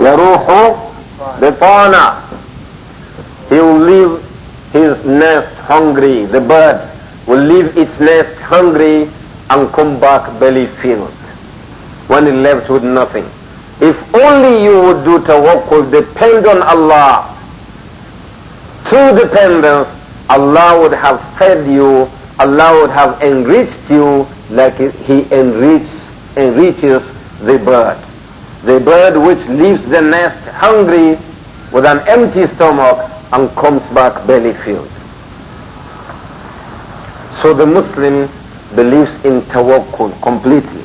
يروح The fauna, He will leave his nest hungry. The bird will leave its nest hungry and come back belly filled when it left with nothing. If only you would do tawakkul, depend on Allah. Through dependence, Allah would have fed you, Allah would have enriched you like He enriches, enriches the bird. The bird which leaves the nest hungry with an empty stomach and comes back belly filled. So the Muslim believes in tawakkul completely.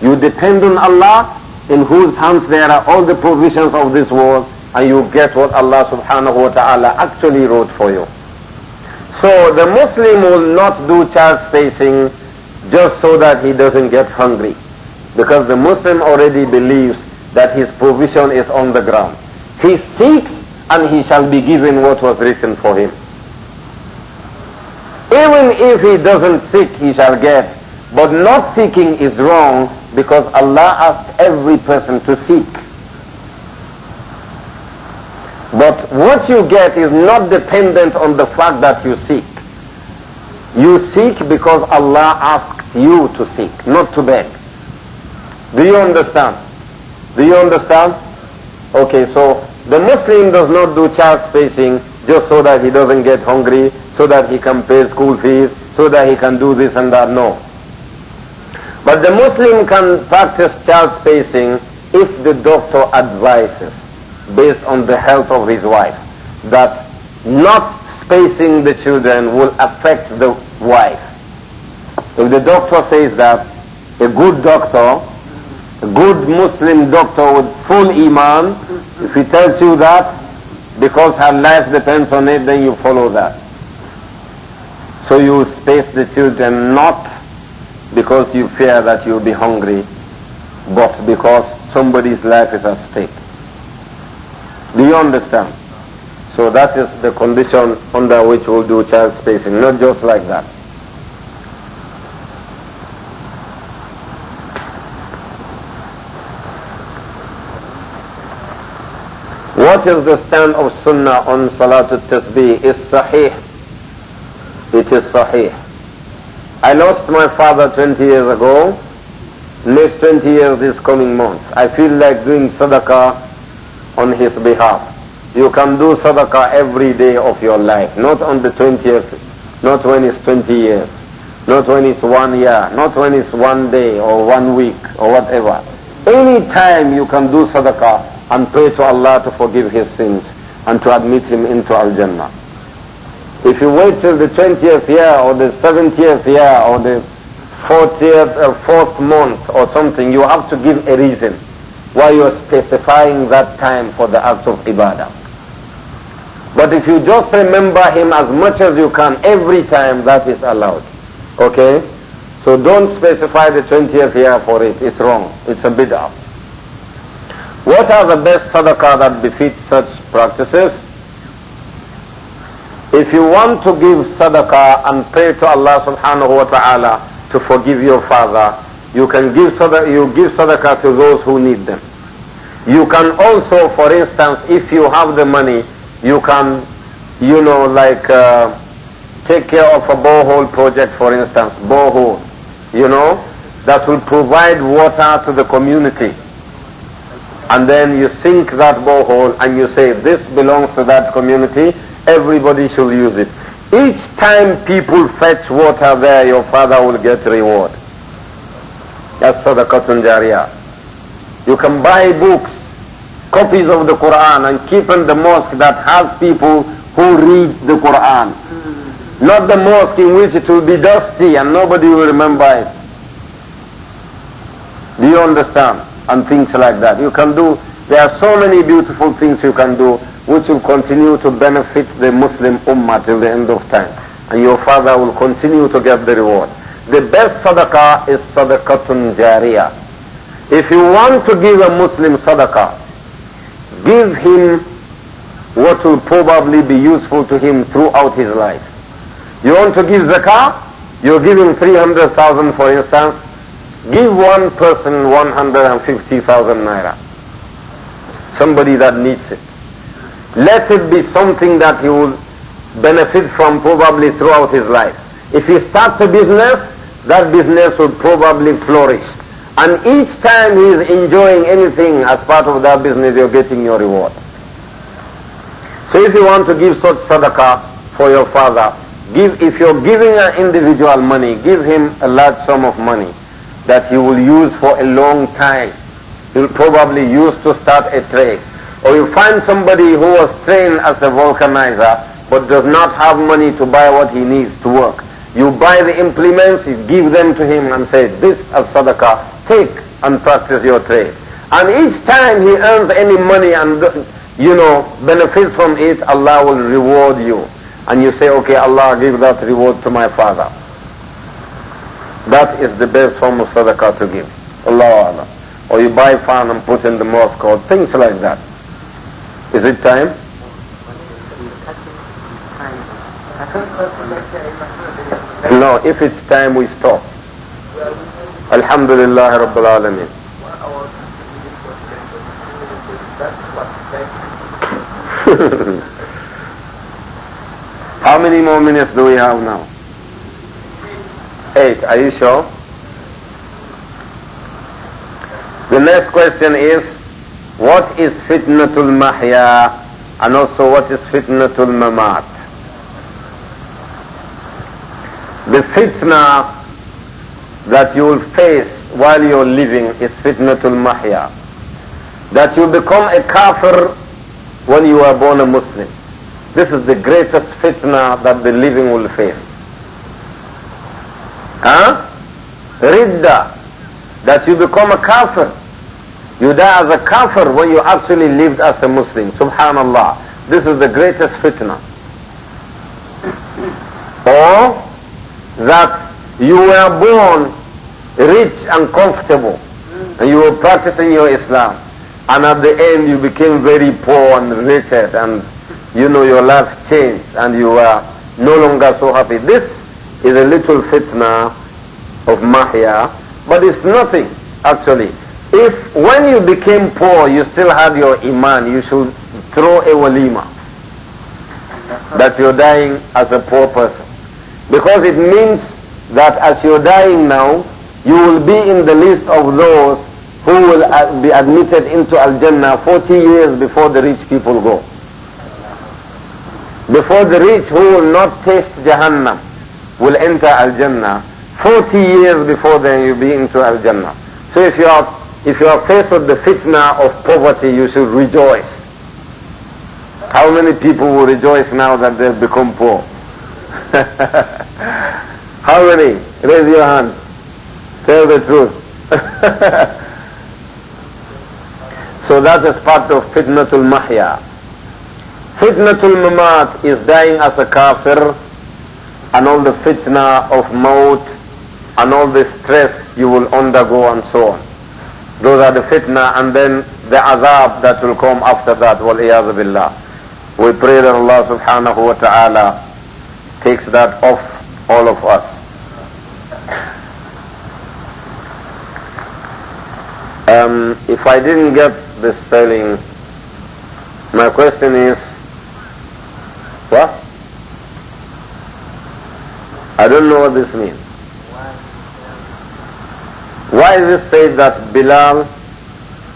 You depend on Allah in whose hands there are all the provisions of this world and you get what Allah subhanahu wa ta'ala actually wrote for you. So the Muslim will not do child just so that he doesn't get hungry because the Muslim already believes that his provision is on the ground. He seeks and he shall be given what was written for him. Even if he doesn't seek, he shall get. But not seeking is wrong because Allah asks every person to seek. But what you get is not dependent on the fact that you seek. You seek because Allah asks you to seek, not to beg. Do you understand? Do you understand? Okay, so the Muslim does not do child spacing just so that he doesn't get hungry, so that he can pay school fees, so that he can do this and that. No. But the Muslim can practice child spacing if the doctor advises, based on the health of his wife, that not spacing the children will affect the wife. If the doctor says that, a good doctor a good Muslim doctor with full iman, if he tells you that, because her life depends on it, then you follow that. So you space the children not because you fear that you'll be hungry, but because somebody's life is at stake. Do you understand? So that is the condition under which we'll do child spacing, not just like that. What is the stand of Sunnah on Salatul Tasbih? Is Sahih. It is Sahih. I lost my father 20 years ago. Next 20 years is coming month. I feel like doing sadaqah on his behalf. You can do sadaqah every day of your life, not on the 20th, not when it's 20 years, not when it's one year, not when it's one day or one week or whatever. Any time you can do sadaqah and pray to Allah to forgive his sins and to admit him into Al-Jannah. If you wait till the 20th year or the 70th year or the 40th or 4th month or something, you have to give a reason why you are specifying that time for the acts of ibadah. But if you just remember him as much as you can every time, that is allowed. Okay? So don't specify the 20th year for it. It's wrong. It's a bid'ah. What are the best sadaqah that befits such practices? If you want to give sadaqah and pray to Allah subhanahu wa ta'ala to forgive your father, you can give sadaqah, you give sadaqah to those who need them. You can also, for instance, if you have the money, you can, you know, like uh, take care of a borehole project, for instance, borehole, you know, that will provide water to the community and then you sink that borehole and you say this belongs to that community, everybody should use it. Each time people fetch water there, your father will get reward. That's cotton jaria. You can buy books, copies of the Quran and keep in the mosque that has people who read the Quran. Not the mosque in which it will be dusty and nobody will remember it. Do you understand? and things like that. You can do, there are so many beautiful things you can do which will continue to benefit the Muslim Ummah till the end of time. And your father will continue to get the reward. The best sadaqah is sadaqatun jariyah. If you want to give a Muslim sadaqah, give him what will probably be useful to him throughout his life. You want to give zakah? You give him 300,000 for instance, Give one person 150,000 naira. Somebody that needs it. Let it be something that he will benefit from probably throughout his life. If he starts a business, that business will probably flourish. And each time he is enjoying anything as part of that business, you're getting your reward. So if you want to give such sadaqah for your father, give, if you're giving an individual money, give him a large sum of money that you will use for a long time. You'll probably use to start a trade. Or you find somebody who was trained as a vulcanizer but does not have money to buy what he needs to work. You buy the implements, you give them to him and say, this as sadaqah, take and practice your trade. And each time he earns any money and, you know, benefits from it, Allah will reward you. And you say, okay, Allah, give that reward to my father. That is the best form of sadaqah to give. Allah Alam. Or you buy fan and put in the mosque or things like that. Is it time? No, if it's time we stop. Alhamdulillah Rabbil Alameen. (laughs) How many more minutes do we have now? Eight. Are you sure? The next question is, what is fitnatul mahya and also what is fitnatul mamat? The fitna that you will face while you're living is fitnatul mahya. That you become a kafir when you are born a Muslim. This is the greatest fitna that the living will face. Huh? Ridda. That you become a kafir. You die as a kafir when you actually lived as a Muslim. Subhanallah. This is the greatest fitna. Or that you were born rich and comfortable and you were practicing your Islam and at the end you became very poor and wretched and you know your life changed and you were no longer so happy. This is a little fitna of mahya, but it's nothing actually. If when you became poor you still had your iman, you should throw a walima that you're dying as a poor person. Because it means that as you're dying now, you will be in the list of those who will be admitted into Al-Jannah 40 years before the rich people go. Before the rich who will not taste Jahannam will enter Al-Jannah 40 years before you will be into Al-Jannah. So if you are if you are faced with the fitna of poverty, you should rejoice. How many people will rejoice now that they've become poor? (laughs) How many? Raise your hand. Tell the truth. (laughs) so that is part of fitnatul mahya. Fitnatul mamat is dying as a kafir and all the fitna of maut and all the stress you will undergo and so on. Those are the fitna and then the azab that will come after that. Wal billah. We pray that Allah subhanahu wa ta'ala takes that off all of us. Um, if I didn't get the spelling, my question is, what? I don't know what this means. Why is it said that Bilal,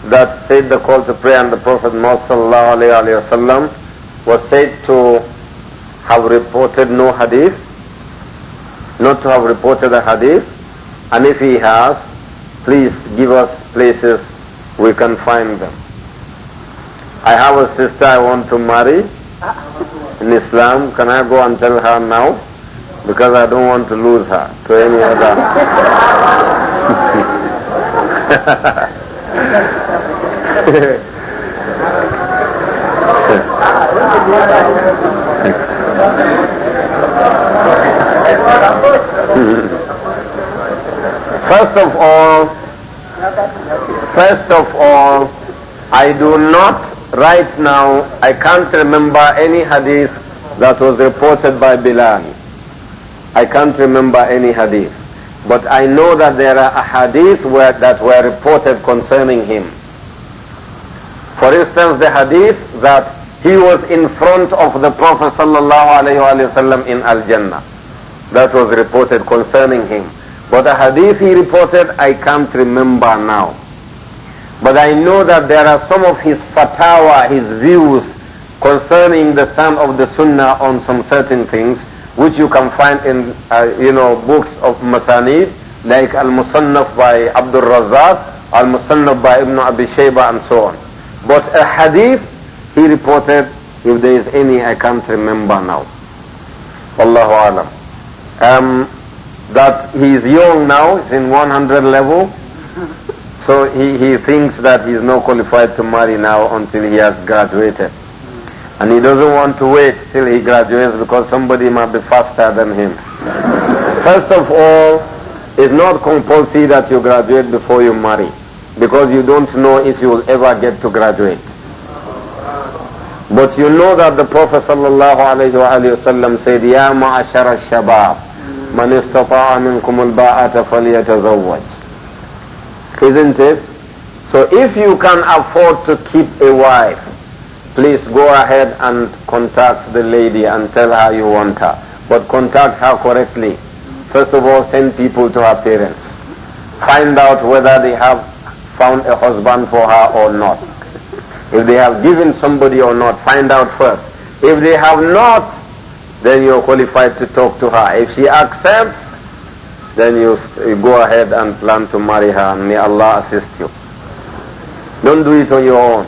that said the call to prayer and the Prophet Muhammad was said to have reported no hadith, not to have reported a hadith, and if he has, please give us places we can find them. I have a sister I want to marry in Islam. Can I go and tell her now? because I don't want to lose her to any other. first of all, first of all, I do not right now, I can't remember any hadith that was reported by Bilal. I can't remember any hadith. But I know that there are hadith where, that were reported concerning him. For instance, the hadith that he was in front of the Prophet ﷺ in Al-Jannah. That was reported concerning him. But the hadith he reported, I can't remember now. But I know that there are some of his fatwa, his views concerning the son of the sunnah on some certain things which you can find in, uh, you know, books of Masanid, like Al-Musannaf by Abdul Razzaq, Al-Musannaf by Ibn Abi Shayba and so on. But a hadith, he reported, if there is any, I can't remember now. Allahu Alam. Um, that he is young now, he's in 100 level, so he, he thinks that he's not qualified to marry now until he has graduated. And he doesn't want to wait till he graduates because somebody might be faster than him. First of all, it's not compulsory that you graduate before you marry because you don't know if you will ever get to graduate. But you know that the Prophet ﷺ said, Ya ma'ashara shabab, man istata'a minkum al-ba'ata falyatazawwaj. Isn't it? So if you can afford to keep a wife, please go ahead and contact the lady and tell her you want her. But contact her correctly. First of all, send people to her parents. Find out whether they have found a husband for her or not. If they have given somebody or not, find out first. If they have not, then you're qualified to talk to her. If she accepts, then you, you go ahead and plan to marry her. May Allah assist you. Don't do it on your own.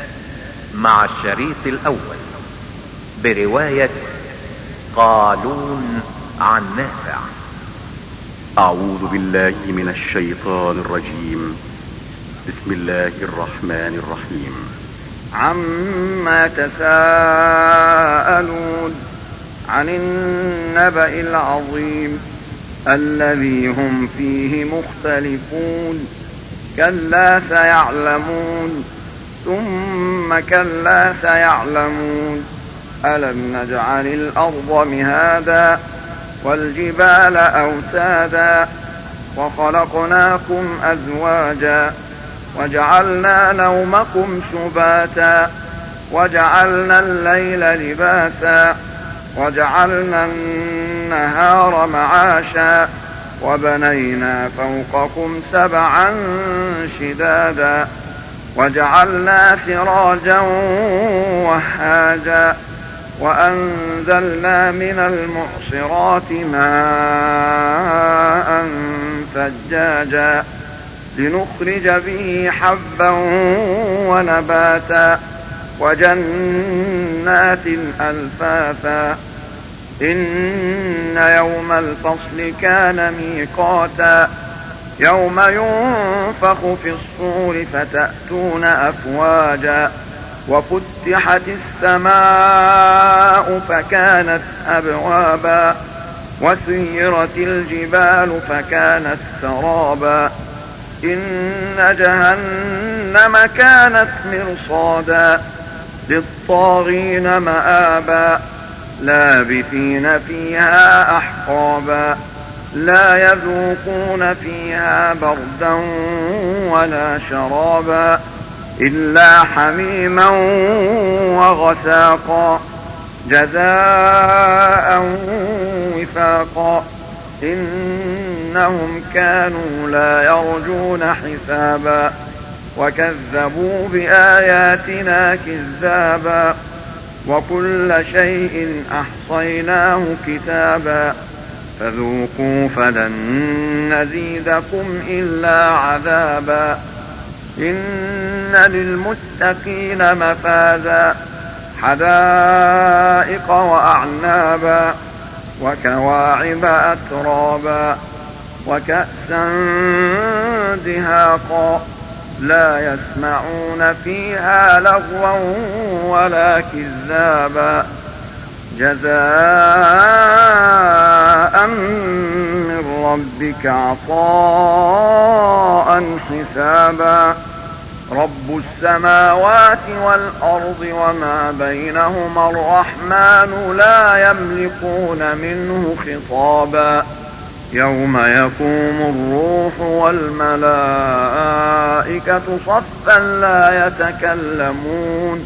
مع الشريط الاول برواية قالون عن نافع اعوذ بالله من الشيطان الرجيم بسم الله الرحمن الرحيم عما تساءلون عن النبأ العظيم الذي هم فيه مختلفون كلا سيعلمون ثم كلا سيعلمون ألم نجعل الأرض مهادا والجبال أوتادا وخلقناكم أزواجا وجعلنا نومكم سباتا وجعلنا الليل لباسا وجعلنا النهار معاشا وبنينا فوقكم سبعا شدادا وجعلنا سراجا وهاجا وأنزلنا من المعصرات ماء ثجاجا لنخرج به حبا ونباتا وجنات ألفافا إن يوم الفصل كان ميقاتا يوم ينفخ في الصور فتأتون أفواجا وفتحت السماء فكانت أبوابا وسيرت الجبال فكانت سرابا إن جهنم كانت مرصادا للطاغين مآبا لابثين فيها أحقابا لا يذوقون فيها بردا ولا شرابا إلا حميما وغساقا جزاء وفاقا إنهم كانوا لا يرجون حسابا وكذبوا بآياتنا كذابا وكل شيء أحصيناه كتابا فذوقوا فلن نزيدكم إلا عذابا إن للمتقين مفازا حدائق وأعنابا وكواعب أترابا وكأسا دهاقا لا يسمعون فيها لغوا ولا كذابا جزاء ربك عطاء حسابا رب السماوات والأرض وما بينهما الرحمن لا يملكون منه خطابا يوم يقوم الروح والملائكة صفا لا يتكلمون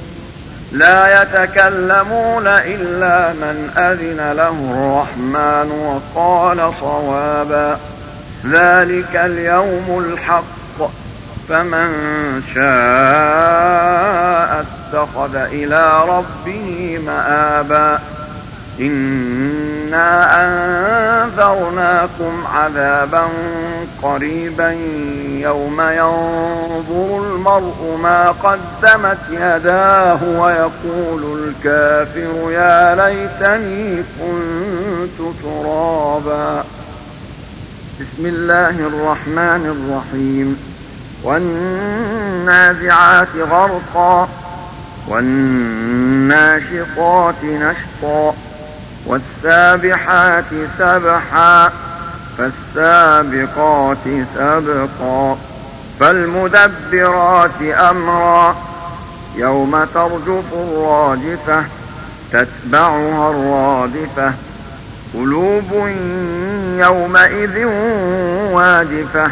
لا يتكلمون إلا من أذن له الرحمن وقال صوابا ذلك اليوم الحق فمن شاء اتخذ إلى ربه مآبا إنا أنذرناكم عذابا قريبا يوم ينظر المرء ما قدمت يداه ويقول الكافر يا ليتني كنت ترابا بسم الله الرحمن الرحيم والنازعات غرقا والناشطات نشطا والسابحات سبحا فالسابقات سبقا فالمدبرات أمرا يوم ترجف الراجفة تتبعها الرادفة قلوب يومئذ واجفة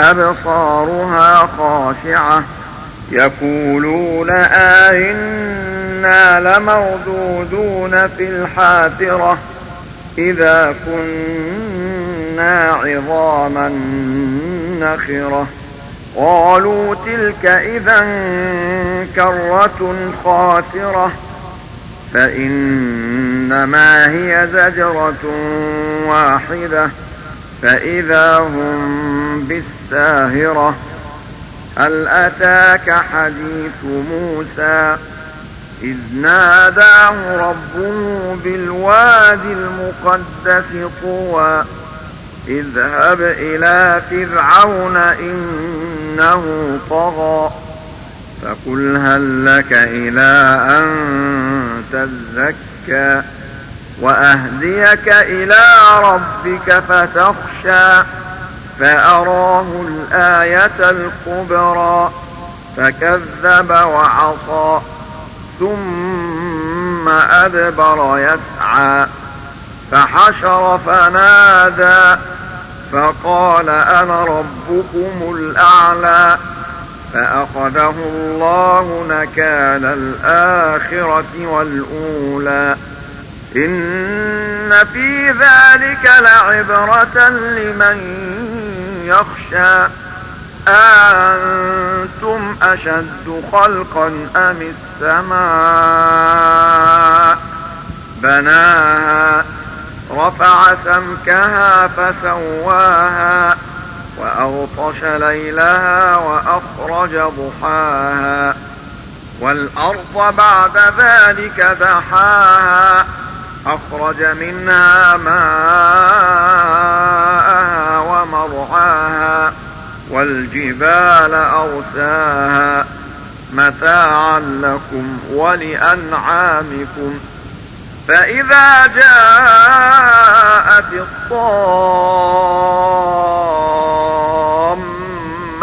أبصارها خاشعة يقولون أئنا آه لمردودون في الحافرة إذا كنا عظاما نخرة قالوا تلك إذا كرة خاسرة فإنما هي زجرة واحدة فإذا هم بالساهرة هل أتاك حديث موسى إذ ناداه ربه بالوادي المقدس طوى اذهب إلى فرعون إنه طغى فقل هل لك إلى أن تزكى وأهديك إلى ربك فتخشى فأراه الآية الكبرى فكذب وعصى ثم أدبر يسعى فحشر فنادى فقال أنا ربكم الأعلى فأخذه الله نكال الآخرة والأولى إن في ذلك لعبرة لمن يخشى أنتم أشد خلقا أم السماء بناها رفع سمكها فسواها وأغطش ليلها وأخرج ضحاها والأرض بعد ذلك دحاها أخرج منها ماء أرعاها والجبال أرساها متاعا لكم ولأنعامكم فإذا جاءت الطامة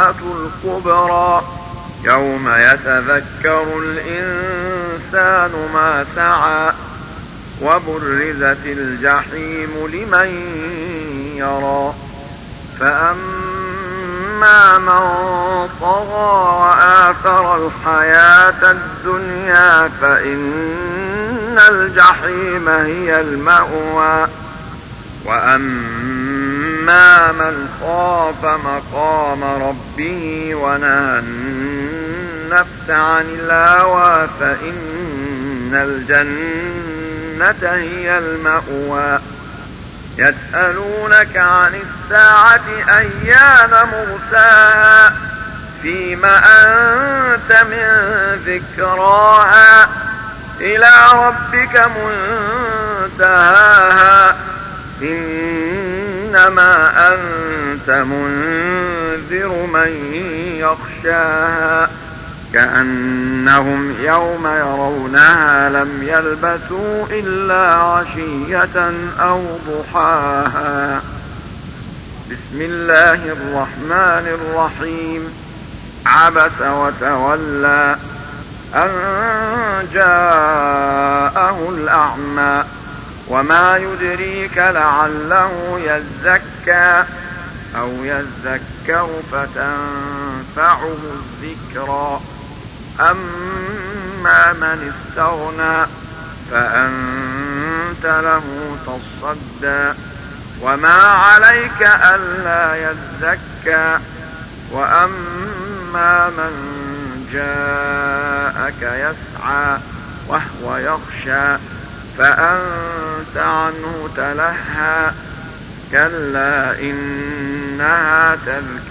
الكبرى يوم يتذكر الإنسان ما سعى وبرزت الجحيم لمن يرى فأما من طغى وآثر الحياة الدنيا فإن الجحيم هي المأوى وأما من خاف مقام ربه ونهى النفس عن الهوى فإن الجنة هي المأوى يسألونك عن الساعة أيان مرساها فيما أنت من ذكراها إلى ربك منتهاها إنما أنت منذر من يخشاها كأنهم يوم يرونها لم يلبثوا إلا عشية أو ضحاها بسم الله الرحمن الرحيم عبس وتولى أن جاءه الأعمى وما يدريك لعله يزكى أو يذكر فتنفعه الذكرى أما من استغنى فأنت له تصدى وما عليك ألا يزكى وأما من جاءك يسعى وهو يخشى فأنت عنه تلهى كلا إنها تذكى